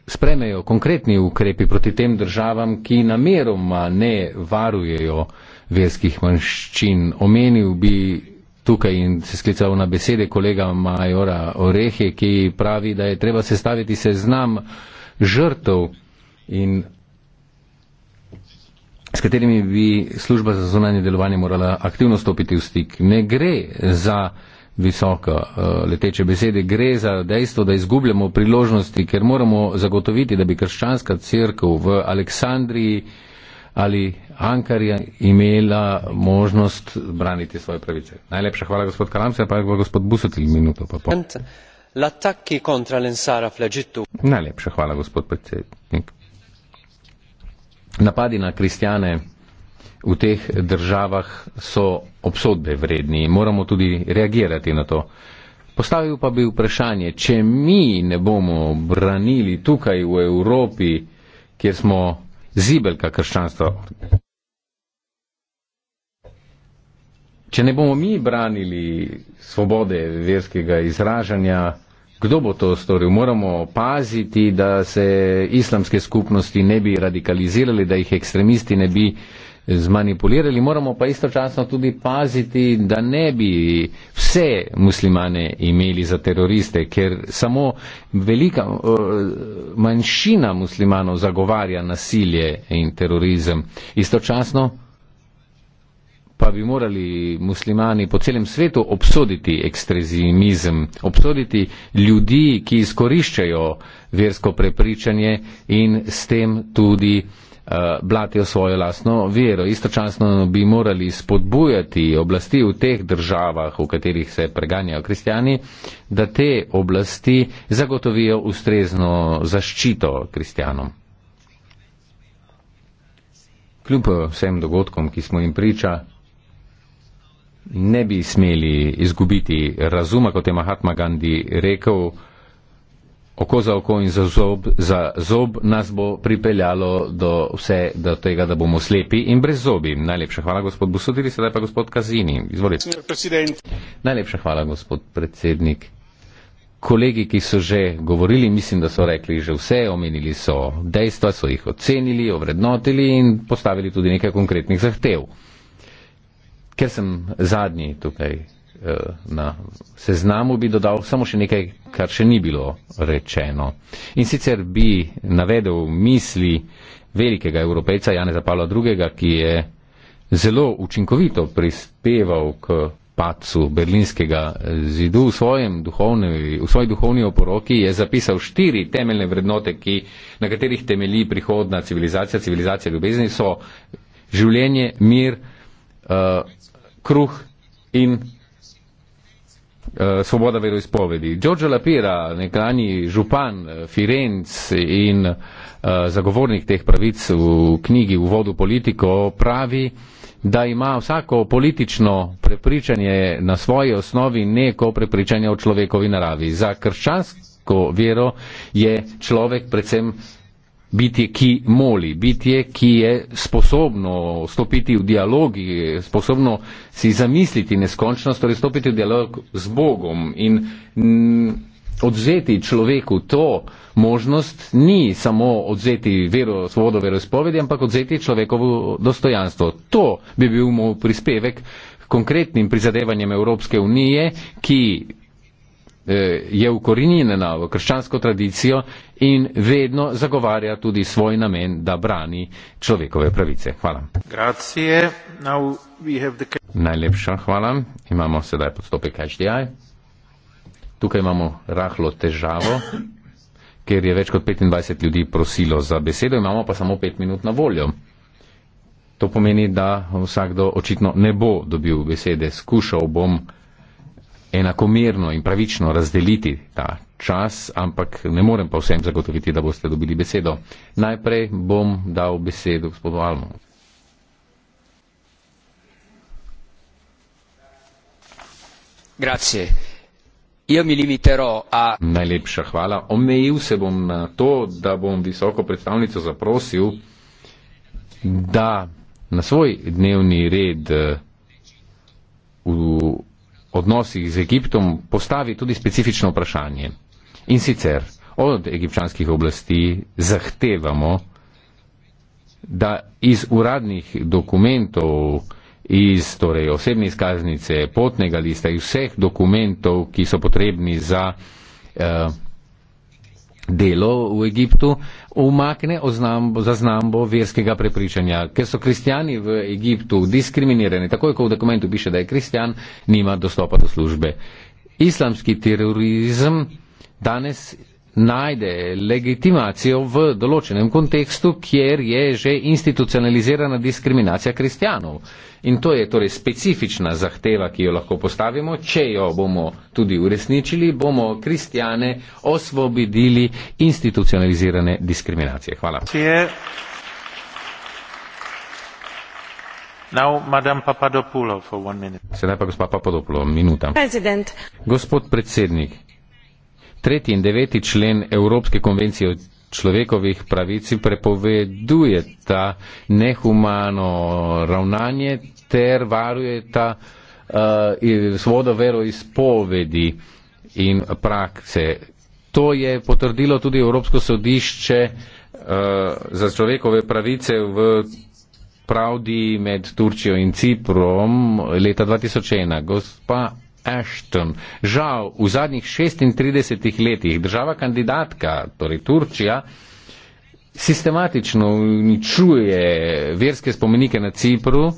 S3: spremejo konkretni ukrepi proti tem državam, ki nameroma ne varujejo verskih manjščin. Omenil bi tukaj in se sklical na besede kolega Majora Orehe, ki pravi, da je treba sestaviti seznam žrtev in s katerimi bi služba za zunanje delovanje morala aktivno stopiti v stik. Ne gre za visoka eh, leteče besede, gre za dejstvo, da izgubljamo priložnosti, ker moramo zagotoviti, da bi krščanska crkva v Aleksandriji ali Ankarja imela možnost braniti svoje pravice. Najlepša hvala gospod Kalamca, pa je gospod Busotil minuto. Pa pa l'attacchi contro l'ensara flagittù. Najlepša hvala, gospod predsednik. Napadi na kristjane v teh državah so obsodbe vredni in moramo tudi reagirati na to. Postavil pa bi vprašanje, če mi ne bomo branili tukaj v Evropi, kjer smo zibelka krščanstva. Če ne bomo mi branili svobode verskega izražanja, kdo bo to storil? Moramo paziti, da se islamske skupnosti ne bi radikalizirali, da jih ekstremisti ne bi zmanipulirali, moramo pa istočasno tudi paziti, da ne bi vse muslimane imeli za teroriste, ker samo velika eh, manjšina muslimanov zagovarja nasilje in terorizem. Istočasno pa bi morali muslimani po celem svetu obsoditi ekstremizem, obsoditi ljudi, ki izkoriščajo versko prepričanje in s tem tudi uh, blatijo svojo lastno vero. Istočasno bi morali spodbujati oblasti v teh državah, v katerih se preganjajo kristijani, da te oblasti zagotovijo ustrezno zaščito kristijanom. Kljub eh, vsem dogodkom, ki smo jim pričali, ne bi smeli izgubiti razuma, kot je Mahatma Gandhi rekel, oko za oko in za zob, za zob nas bo pripeljalo do vse, do tega, da bomo slepi in brez zobi. Najlepša hvala, gospod Busudiri, sedaj pa gospod Kazini. Izvolite. President. Najlepša hvala, gospod predsednik. Kolegi, ki so že govorili, mislim, da so rekli že vse, omenili so dejstva, so jih ocenili, ovrednotili in postavili tudi nekaj konkretnih zahtev ker sem zadnji tukaj eh, na seznamu, bi dodal samo še nekaj, kar še ni bilo rečeno. In sicer bi navedel misli velikega evropejca Janeza Pavla II., ki je zelo učinkovito prispeval k pacu berlinskega zidu v, svojem duhovni, v svoji duhovni oporoki je zapisal štiri temeljne vrednote, ki, na katerih temelji prihodna civilizacija, civilizacija ljubezni so življenje, mir, eh, kruh in eh, svoboda veroizpovedi. Giorgio Lapira, nekdani župan eh, Firenc in eh, zagovornik teh pravic v knjigi V vodu politiko, pravi, da ima vsako politično prepričanje na svoji osnovi neko prepričanje o človekovi naravi. Za krščansko vero je človek predvsem bitje, ki moli, bitje, ki je sposobno stopiti v dialog, sposobno si zamisliti neskončnost, torej stopiti v dialog z Bogom in mm, odzeti človeku to možnost ni samo odzeti vero, svobodo veroizpovedi, ampak odzeti človekovo dostojanstvo. To bi bil mu prispevek konkretnim prizadevanjem Evropske unije, ki Eh, je ukorinjena v krščansko tradicijo in vedno zagovarja tudi svoj namen, da brani človekove pravice. Hvala. The... Najlepša hvala. Imamo sedaj podstopek HDI. Tukaj imamo rahlo težavo, ker je več kot 25 ljudi prosilo za besedo, imamo pa samo 5 minut na voljo. To pomeni, da vsakdo očitno ne bo dobil besede. Skušal bom enakomerno in pravično razdeliti ta čas, ampak ne morem pa vsem zagotoviti, da boste dobili besedo. Najprej bom dal besedo gospodu Almu. Grazie. Io mi limiterò a... Najlepša hvala. Omejil se bom na to, da bom visoko predstavnico zaprosil, da na svoj dnevni red eh, v. Uh, odnosih z Egiptom postavi tudi specifično vprašanje. In sicer od egipčanskih oblasti zahtevamo, da iz uradnih dokumentov, iz torej, osebne izkaznice, potnega lista, iz vseh dokumentov, ki so potrebni za eh, delo v Egiptu umakne oznambo, zaznambo verskega prepričanja. Ker so kristijani v Egiptu diskriminirani, takoj ko v dokumentu piše, da je kristijan, nima dostopa do službe. Islamski terorizem danes najde legitimacijo v določenem kontekstu, kjer je že institucionalizirana diskriminacija kristijanov. In to je torej specifična zahteva, ki jo lahko postavimo, če jo bomo tudi uresničili, bomo kristijane osvobodili institucionalizirane diskriminacije. Hvala. Now, Sedaj pa gospa Papadopulo, minuta. President. Gospod predsednik, tretji in deveti člen Evropske konvencije o človekovih pravici prepoveduje ta nehumano ravnanje ter varuje ta uh, eh, svodo veroizpovedi in prakse. To je potrdilo tudi Evropsko sodišče uh, za človekove pravice v pravdi med Turčijo in Ciprom leta 2001. Gospa Ashton. Žal, v zadnjih 36 letih država kandidatka, torej Turčija, sistematično uničuje verske spomenike na Cipru,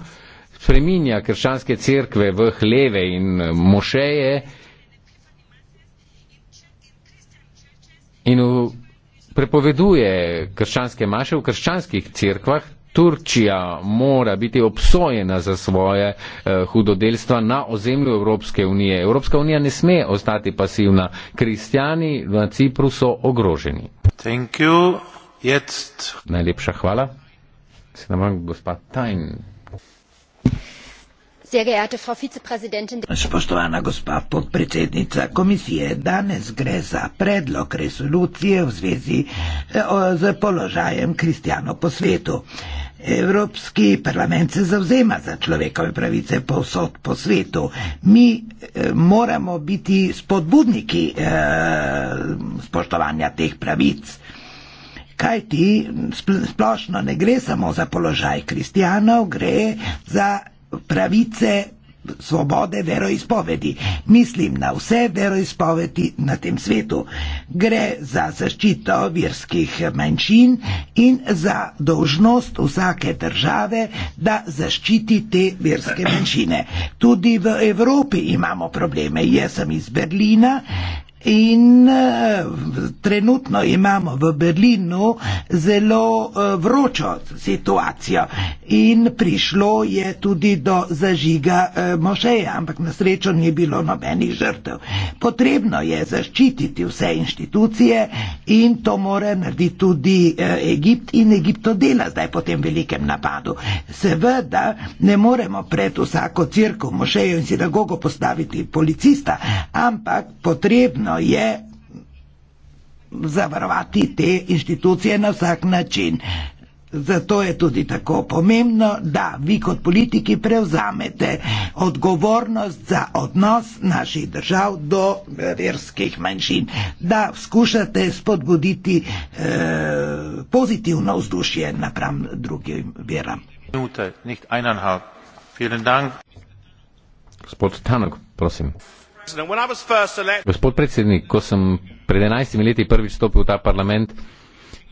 S3: spreminja krščanske cerkve v hleve in mošeje in prepoveduje krščanske maše v krščanskih cerkvah, Turčija mora biti obsojena za svoje eh, hudodelstva na ozemlju Evropske unije. Evropska unija ne sme ostati pasivna. Kristjani na Cipru so ogroženi. Najlepša hvala. Se nam vam, gospod Tajn. Spoštovana
S2: gospa podpredsednica komisije, danes gre za predlog resolucije v zvezi z eh, položajem kristjanov po svetu. Evropski parlament se zavzema za človekove pravice povsod po svetu. Mi e, moramo biti spodbudniki e, spoštovanja teh pravic. Kaj ti splošno ne gre samo za položaj kristijanov, gre za pravice svobode veroizpovedi. Mislim na vse veroizpovedi na tem svetu. Gre za zaščito verskih manjšin in za dožnost vsake države, da zaščiti te verske manjšine. Tudi v Evropi imamo probleme. Jaz sem iz Berlina. In uh, trenutno imamo v Berlinu zelo uh, vročo situacijo in prišlo je tudi do zažiga uh, eh, mošeja, ampak na srečo ni bilo nobenih žrtev. Potrebno je zaščititi vse inštitucije in to mora narediti tudi uh, Egipt in Egipt to dela zdaj po tem velikem napadu. Seveda ne moremo pred vsako crkvo, mošejo in sinagogo postaviti policista, ampak potrebno potrebno je zavarovati te institucije na vsak način. Zato je tudi tako pomembno, da vi kot politiki prevzamete odgovornost za odnos naših držav do verskih manjšin, da skušate spodbuditi eh, pozitivno vzdušje napram drugim veram.
S3: Gospod Tanok, prosim gospod predsednik ko sem pred enajstimi leti prvič stopil v ta parlament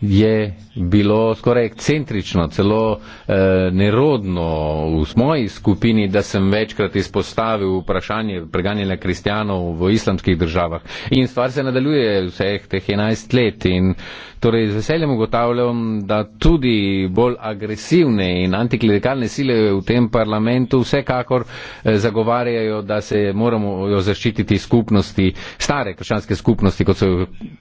S3: je bilo skoraj ekcentrično, celo e, nerodno v moji skupini, da sem večkrat izpostavil vprašanje preganjanja kristijanov v islamskih državah. In stvar se nadaljuje vseh teh 11 let. In torej z veseljem ugotavljam, da tudi bolj agresivne in antiklerikalne sile v tem parlamentu vsekakor e, zagovarjajo, da se moramo zaščititi skupnosti, stare krščanske skupnosti, kot so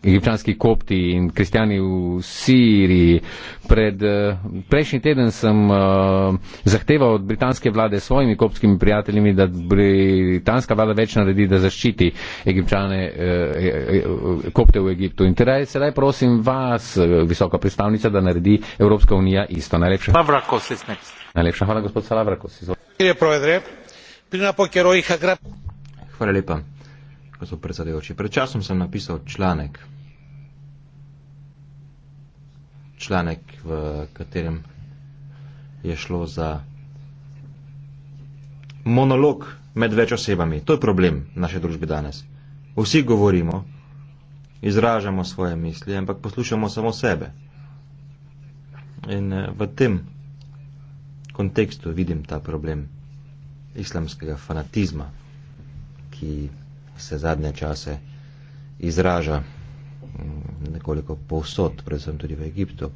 S3: egipčanski kopti in kristijani v Siriji. Pred eh, prejšnji teden sem uh, zahteval od britanske vlade s svojimi kopskimi prijateljimi, da britanska vlada več naredi, da zaščiti egipčane uh, kopte v Egiptu. In teraj sedaj prosim vas, visoka predstavnica, da naredi Evropska unija isto. Najlepša, Najlepša hvala, gospod Salavrakos. Hvala
S1: lepa, gospod predsedujoči. Pred časom sem napisal članek članek, v katerem je šlo za monolog med več osebami. To je problem naše družbe danes. Vsi govorimo, izražamo svoje misli, ampak poslušamo samo sebe. In eh, v tem kontekstu vidim ta problem islamskega fanatizma, ki se zadnje čase izraža Mm, nekoliko povsod, predvsem tudi v Egiptu.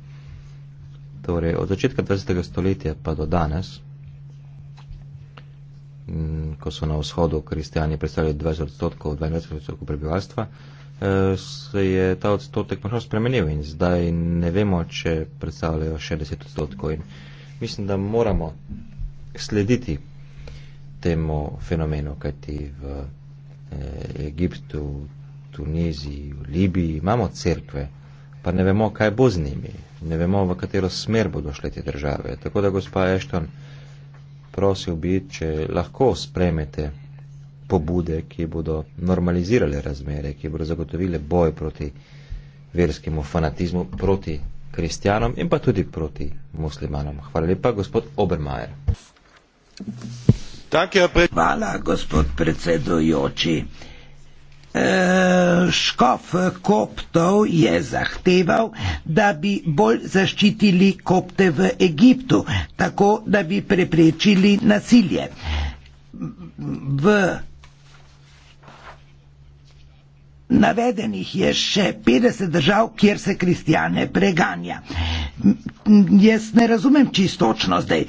S1: Torej, od začetka 20. stoletja pa do danes, mm, ko so na vzhodu kristijani predstavljali 20 odstotkov, 22 odstotkov prebivalstva, eh, se je ta odstotek močno spremenil in zdaj ne vemo, če predstavljajo še 10 odstotkov. In mislim, da moramo slediti temu fenomenu, kajti v eh, Egiptu Tuniziji, v Libiji, imamo cerkve, pa ne vemo, kaj bo z njimi, ne vemo, v katero smer bodo šle te države. Tako da, gospa Ešton, prosil bi, če lahko spremete pobude, ki bodo normalizirale razmere, ki bodo zagotovile boj proti verskemu fanatizmu, proti kristjanom in pa tudi proti muslimanom. Hvala lepa, gospod Obermajer.
S2: Ja, Hvala, gospod predsedujoči. Eh, škof eh, koptov je zahteval, da bi bolj zaščitili kopte v Egiptu, tako da bi preprečili nasilje. V Navedenih je še 50 držav, kjer se kristijane preganja. Jaz ne razumem čistočno zdaj.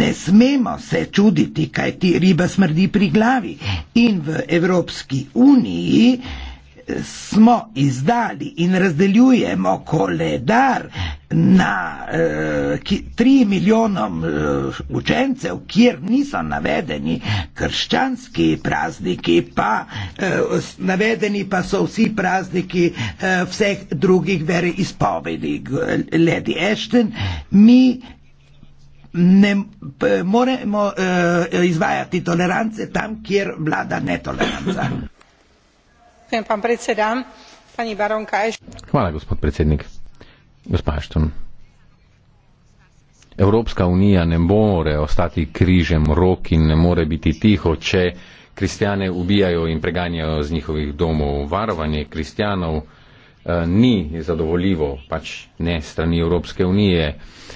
S2: Ne smemo se čuditi, kaj ti riba smrdi pri glavi. In v Evropski uniji smo izdali in razdeljujemo koledar na eh, ki, tri milijonom eh, učencev, kjer niso navedeni krščanski prazniki, pa eh, navedeni pa so vsi prazniki eh, vseh drugih veri izpovedi. Lady Ashton, mi ne eh, moremo eh, izvajati tolerance tam, kjer vlada netoleranca. Ďakujem, pán predseda. Pani baronka Ashton.
S3: Chvála, gospod predsednik. Gospod Ashton. Evropska unija ne more ostati križem rok in ne more biti tiho, če kristjane ubijajo in preganjajo z njihovih domov. Varovanje kristjanov eh, ni zadovoljivo, pač ne strani Evropske unije.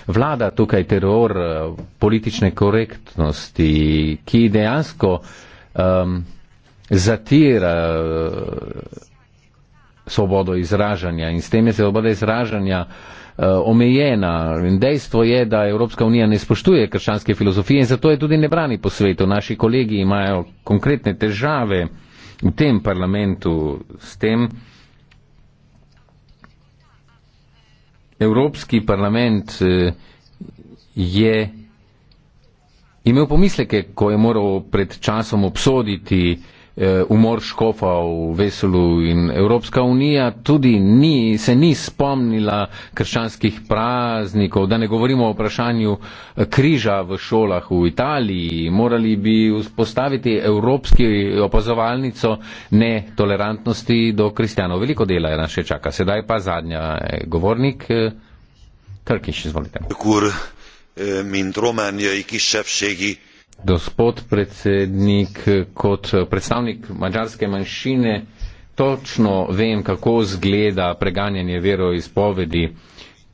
S3: Vlada tukaj teror eh, politične korektnosti, ki dejansko um, zatira eh, svobodo izražanja in s tem je svoboda izražanja eh, omejena. Dejstvo je, da Evropska unija ne spoštuje krščanske filozofije in zato je tudi ne brani po svetu. Naši kolegi imajo konkretne težave v tem parlamentu s tem. Evropski parlament eh, je imel pomisleke, ko je moral pred časom obsoditi uh, Eh, umor škofa v veselu in Evropska unija tudi ni, se ni spomnila krščanskih praznikov, da ne govorimo o vprašanju eh, križa v šolah v Italiji, morali bi vzpostaviti evropski opazovalnico netolerantnosti do kristjanov. Veliko dela je nas še čaka. Sedaj pa zadnja eh, govornik, Trkiš, izvolite. Kur,
S2: mint romániai
S3: kisebbségi gospod predsednik, kot predstavnik mađarske manjšine, točno vem, kako zgleda preganjanje veroizpovedi,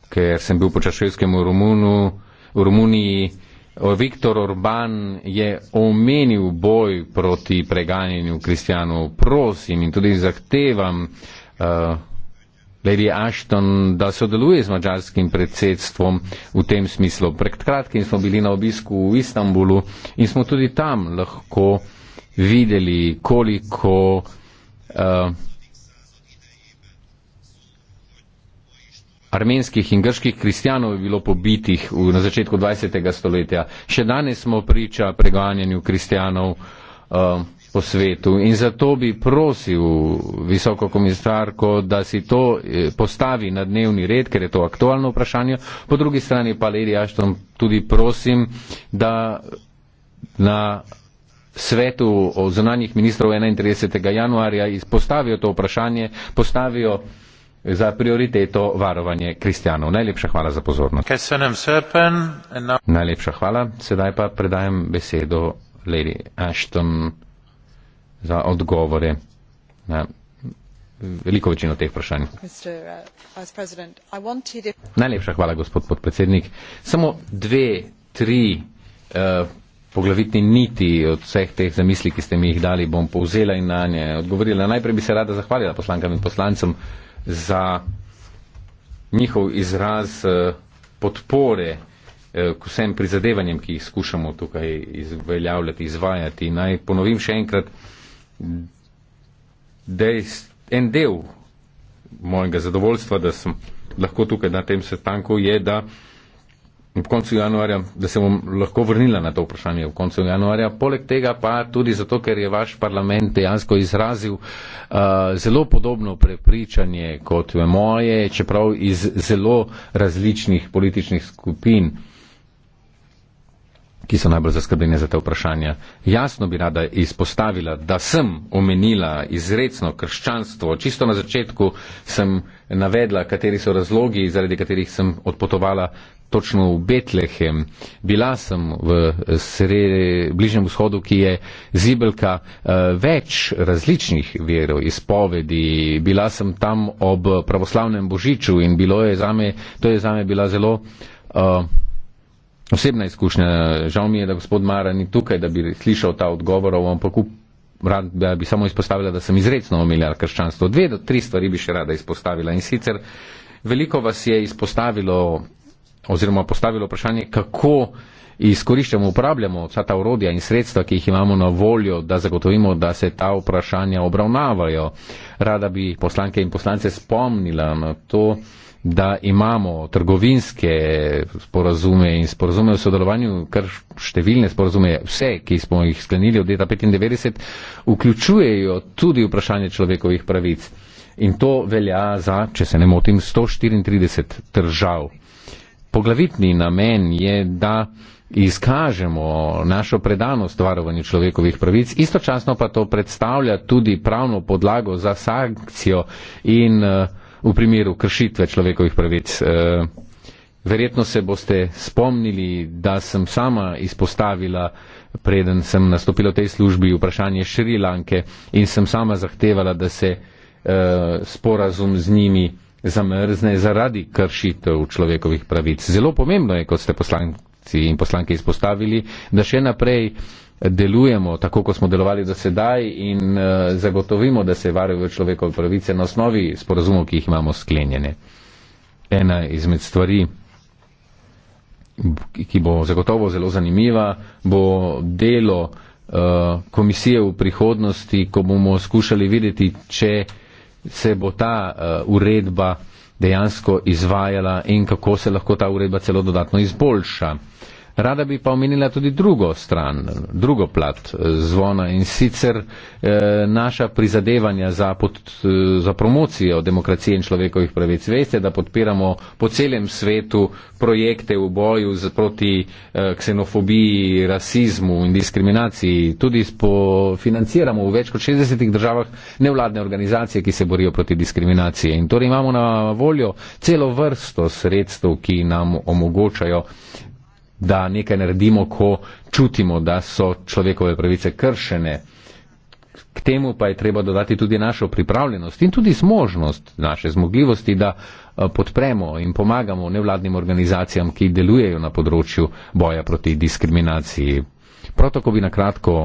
S3: ker sem bil počaševskem v Romuniji. Viktor Orban je omenil boj proti preganjanju kristijanov. Prosim in tudi zahtevam, uh, Lady Ashton, da sodeluje z mačarskim predsedstvom v tem smislu. Pred kratkim smo bili na obisku v Istanbulu in smo tudi tam lahko videli, koliko uh, armenskih in grških kristijanov je bilo pobitih v, na začetku 20. stoletja. Še danes smo priča preganjanju kristijanov. Uh, eh, po svetu in zato bi prosil visoko komisarko, da si to eh, postavi na dnevni red, ker je to aktualno vprašanje. Po drugi strani pa Lady Ashton tudi prosim, da na svetu o zunanjih ministrov 31. januarja postavijo to vprašanje, postavijo za prioriteto varovanje kristjanov. Najlepša hvala za pozornost. Najlepša hvala. Sedaj pa predajam besedo Lady Ashton za odgovore na veliko večino teh vprašanj.
S2: Uh,
S3: Najlepša hvala, gospod podpredsednik. Samo dve, tri uh, poglavitni niti od vseh teh zamisli, ki ste mi jih dali, bom povzela in na nje odgovorila. Najprej bi se rada zahvalila poslankam in poslancem za njihov izraz uh, podpore uh, k vsem prizadevanjem, ki jih skušamo tukaj izveljavljati, izvajati. Naj ponovim še enkrat, dejst, en del mojega zadovoljstva, da sem lahko tukaj na tem sestanku, je, da v koncu januarja, da se bom lahko vrnila na to vprašanje v koncu januarja. Poleg tega pa tudi zato, ker je vaš parlament dejansko izrazil uh, zelo podobno prepričanje kot moje, čeprav iz zelo različnih političnih skupin. Uh, ki so najbolj zaskrbljene za te vprašanja. Jasno bi rada izpostavila, da sem omenila izredno krščanstvo. Čisto na začetku sem navedla, kateri so razlogi, zaradi katerih sem odpotovala točno v Betlehem. Bila sem v bližnjem vzhodu, ki je zibelka eh, več različnih verov, izpovedi. Bila sem tam ob pravoslavnem božiču in bilo je zame, to je zame bila zelo. Uh, osebna izkušnja. Žal mi je, da gospod Mara ni tukaj, da bi slišal ta odgovor, ampak rad bi samo izpostavila, da sem izredno omiljala krščanstvo. Dve do tri stvari bi še rada izpostavila. In sicer veliko vas je izpostavilo oziroma postavilo vprašanje, kako izkoriščamo, uporabljamo vsa ta urodja in sredstva, ki jih imamo na voljo, da zagotovimo, da se ta vprašanja obravnavajo. Rada bi poslanke in poslance spomnila na to, da imamo trgovinske sporazume in sporazume o sodelovanju, kar številne sporazume, vse, ki smo jih sklenili od leta 1995, vključujejo tudi vprašanje človekovih pravic. In to velja za, če se ne motim, 134 držav. Poglavitni namen je, da izkažemo našo predanost varovanju človekovih pravic, istočasno pa to predstavlja tudi pravno podlago za sankcijo in uh, v primeru kršitve človekovih pravic. Eh, verjetno se boste spomnili, da sem sama izpostavila, preden sem nastopila v tej službi, vprašanje Šrilanke in sem sama zahtevala, da se eh, sporazum z njimi zamrzne zaradi kršitev človekovih pravic. Zelo pomembno je, kot ste poslanci in poslanke izpostavili, da še naprej delujemo tako, kot smo delovali do sedaj in eh, zagotovimo, da se varujejo človekove pravice na osnovi sporozumov, ki jih imamo sklenjene. Ena izmed stvari, ki bo zagotovo zelo zanimiva, bo delo eh, komisije v prihodnosti, ko bomo skušali videti, če se bo ta eh, uredba dejansko izvajala in kako se lahko ta uredba celo dodatno izboljša. Uh, Rada bi pa omenila tudi drugo stran, drugo plat eh, zvona in sicer eh, naša prizadevanja za, pod, eh, za promocijo demokracije in človekovih pravic. Veste, da podpiramo po celem svetu projekte v boju z, proti eh, ksenofobiji, rasizmu in diskriminaciji. Tudi financiramo v več kot 60 državah nevladne organizacije, ki se borijo proti diskriminaciji. In torej imamo na voljo celo vrsto sredstev, ki nam omogočajo da nekaj naredimo, ko čutimo, da so človekove pravice kršene. K temu pa je treba dodati tudi našo pripravljenost in tudi zmožnost naše zmogljivosti, da eh, podpremo in pomagamo nevladnim organizacijam, ki delujejo na področju boja proti diskriminaciji. Prav tako bi nakratko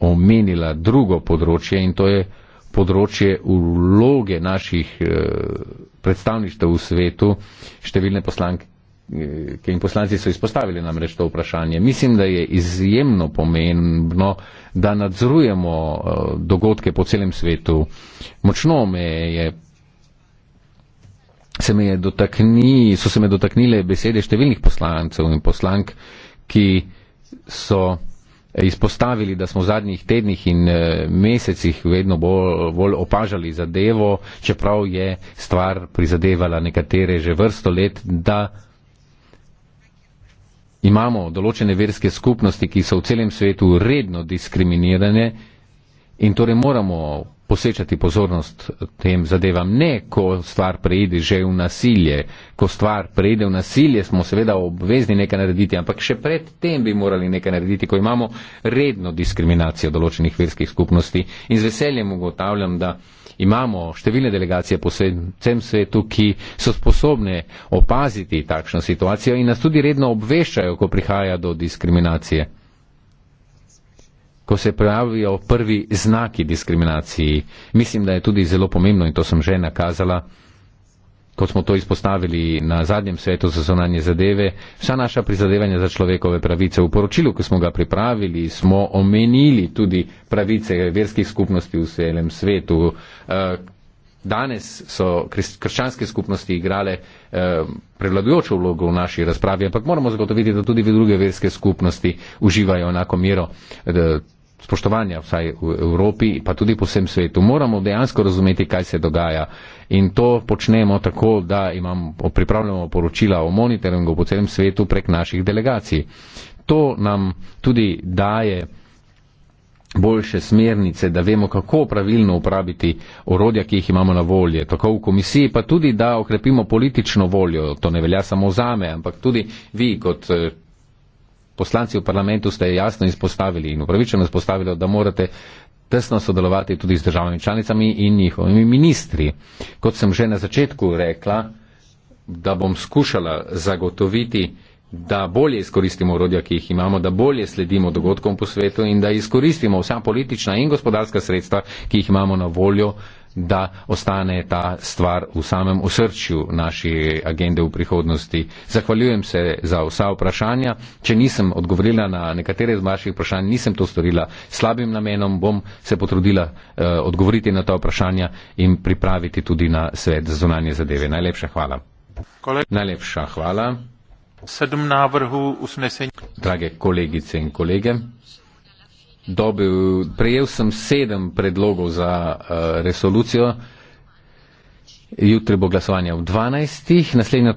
S3: omenila drugo področje in to je področje vloge naših eh, predstavništev v svetu. Številne poslanke Eh, ki jim poslanci so izpostavili namreč to vprašanje. Mislim, da je izjemno pomembno, da nadzorujemo eh, dogodke po celem svetu. Močno me je, se me je dotakni, so se me dotaknile besede številnih poslancev in poslank, ki so eh, izpostavili, da smo v zadnjih tednih in mesecih vedno bolj, bolj opažali zadevo, čeprav je stvar prizadevala nekatere že vrsto let, da imamo določene verske skupnosti, ki so v celem svetu redno diskriminirane in torej moramo posvečati pozornost tem zadevam. Ne, ko stvar preide že v nasilje, ko stvar preide v nasilje, smo seveda obvezni nekaj narediti, ampak še pred tem bi morali nekaj narediti, ko imamo redno diskriminacijo določenih verskih skupnosti. In z veseljem ugotavljam, da imamo številne delegacije po vsem svetu, ki so sposobne opaziti takšno situacijo in nas tudi redno obveščajo, ko prihaja do diskriminacije. Ko se pojavijo prvi znaki diskriminaciji, mislim, da je tudi zelo pomembno in to sem že nakazala, kot smo to izpostavili na zadnjem svetu za zonanje zadeve, vsa naša prizadevanja za človekove pravice. V poročilu, ko smo ga pripravili, smo omenili tudi pravice verskih skupnosti v celem svetu. Eh, danes so krščanske skupnosti igrale eh, prevladujočo vlogo v naši razpravi, ampak moramo zagotoviti, da tudi druge verske skupnosti uživajo enako mero eh, spoštovanja vsaj v Evropi, pa tudi po vsem svetu. Moramo dejansko razumeti, kaj se dogaja. In to počnemo tako, da imam, pripravljamo poročila o monitoringu po celem svetu prek naših delegacij. To nam tudi daje boljše smernice, da vemo, kako pravilno uporabiti orodja, ki jih imamo na volje, tako v komisiji, pa tudi, da okrepimo politično voljo. To ne velja samo zame, ampak tudi vi kot eh, poslanci v parlamentu ste jasno izpostavili in upravičeno izpostavili, da morate tesno sodelovati tudi z državami članicami in njihovimi ministri. Kot sem že na začetku rekla, da bom skušala zagotoviti, da bolje izkoristimo urodja, ki jih imamo, da bolje sledimo dogodkom po svetu in da izkoristimo vsa politična in gospodarska sredstva, ki jih imamo na voljo, da ostane ta stvar v samem osrčju naše agende v prihodnosti. Zahvaljujem se za vsa vprašanja. Če nisem odgovorila na nekatere z vaših vprašanj, nisem to storila slabim namenom, bom se potrudila eh, odgovoriti na ta vprašanja in pripraviti tudi na svet za zunanje zadeve. Najlepša hvala. Kolek. Najlepša hvala. Sedem navrhu usnesenja. Drage kolegice in kolege dobil, prejel sem sedem predlogov za uh, resolucijo. Jutri bo glasovanje v 12. Naslednja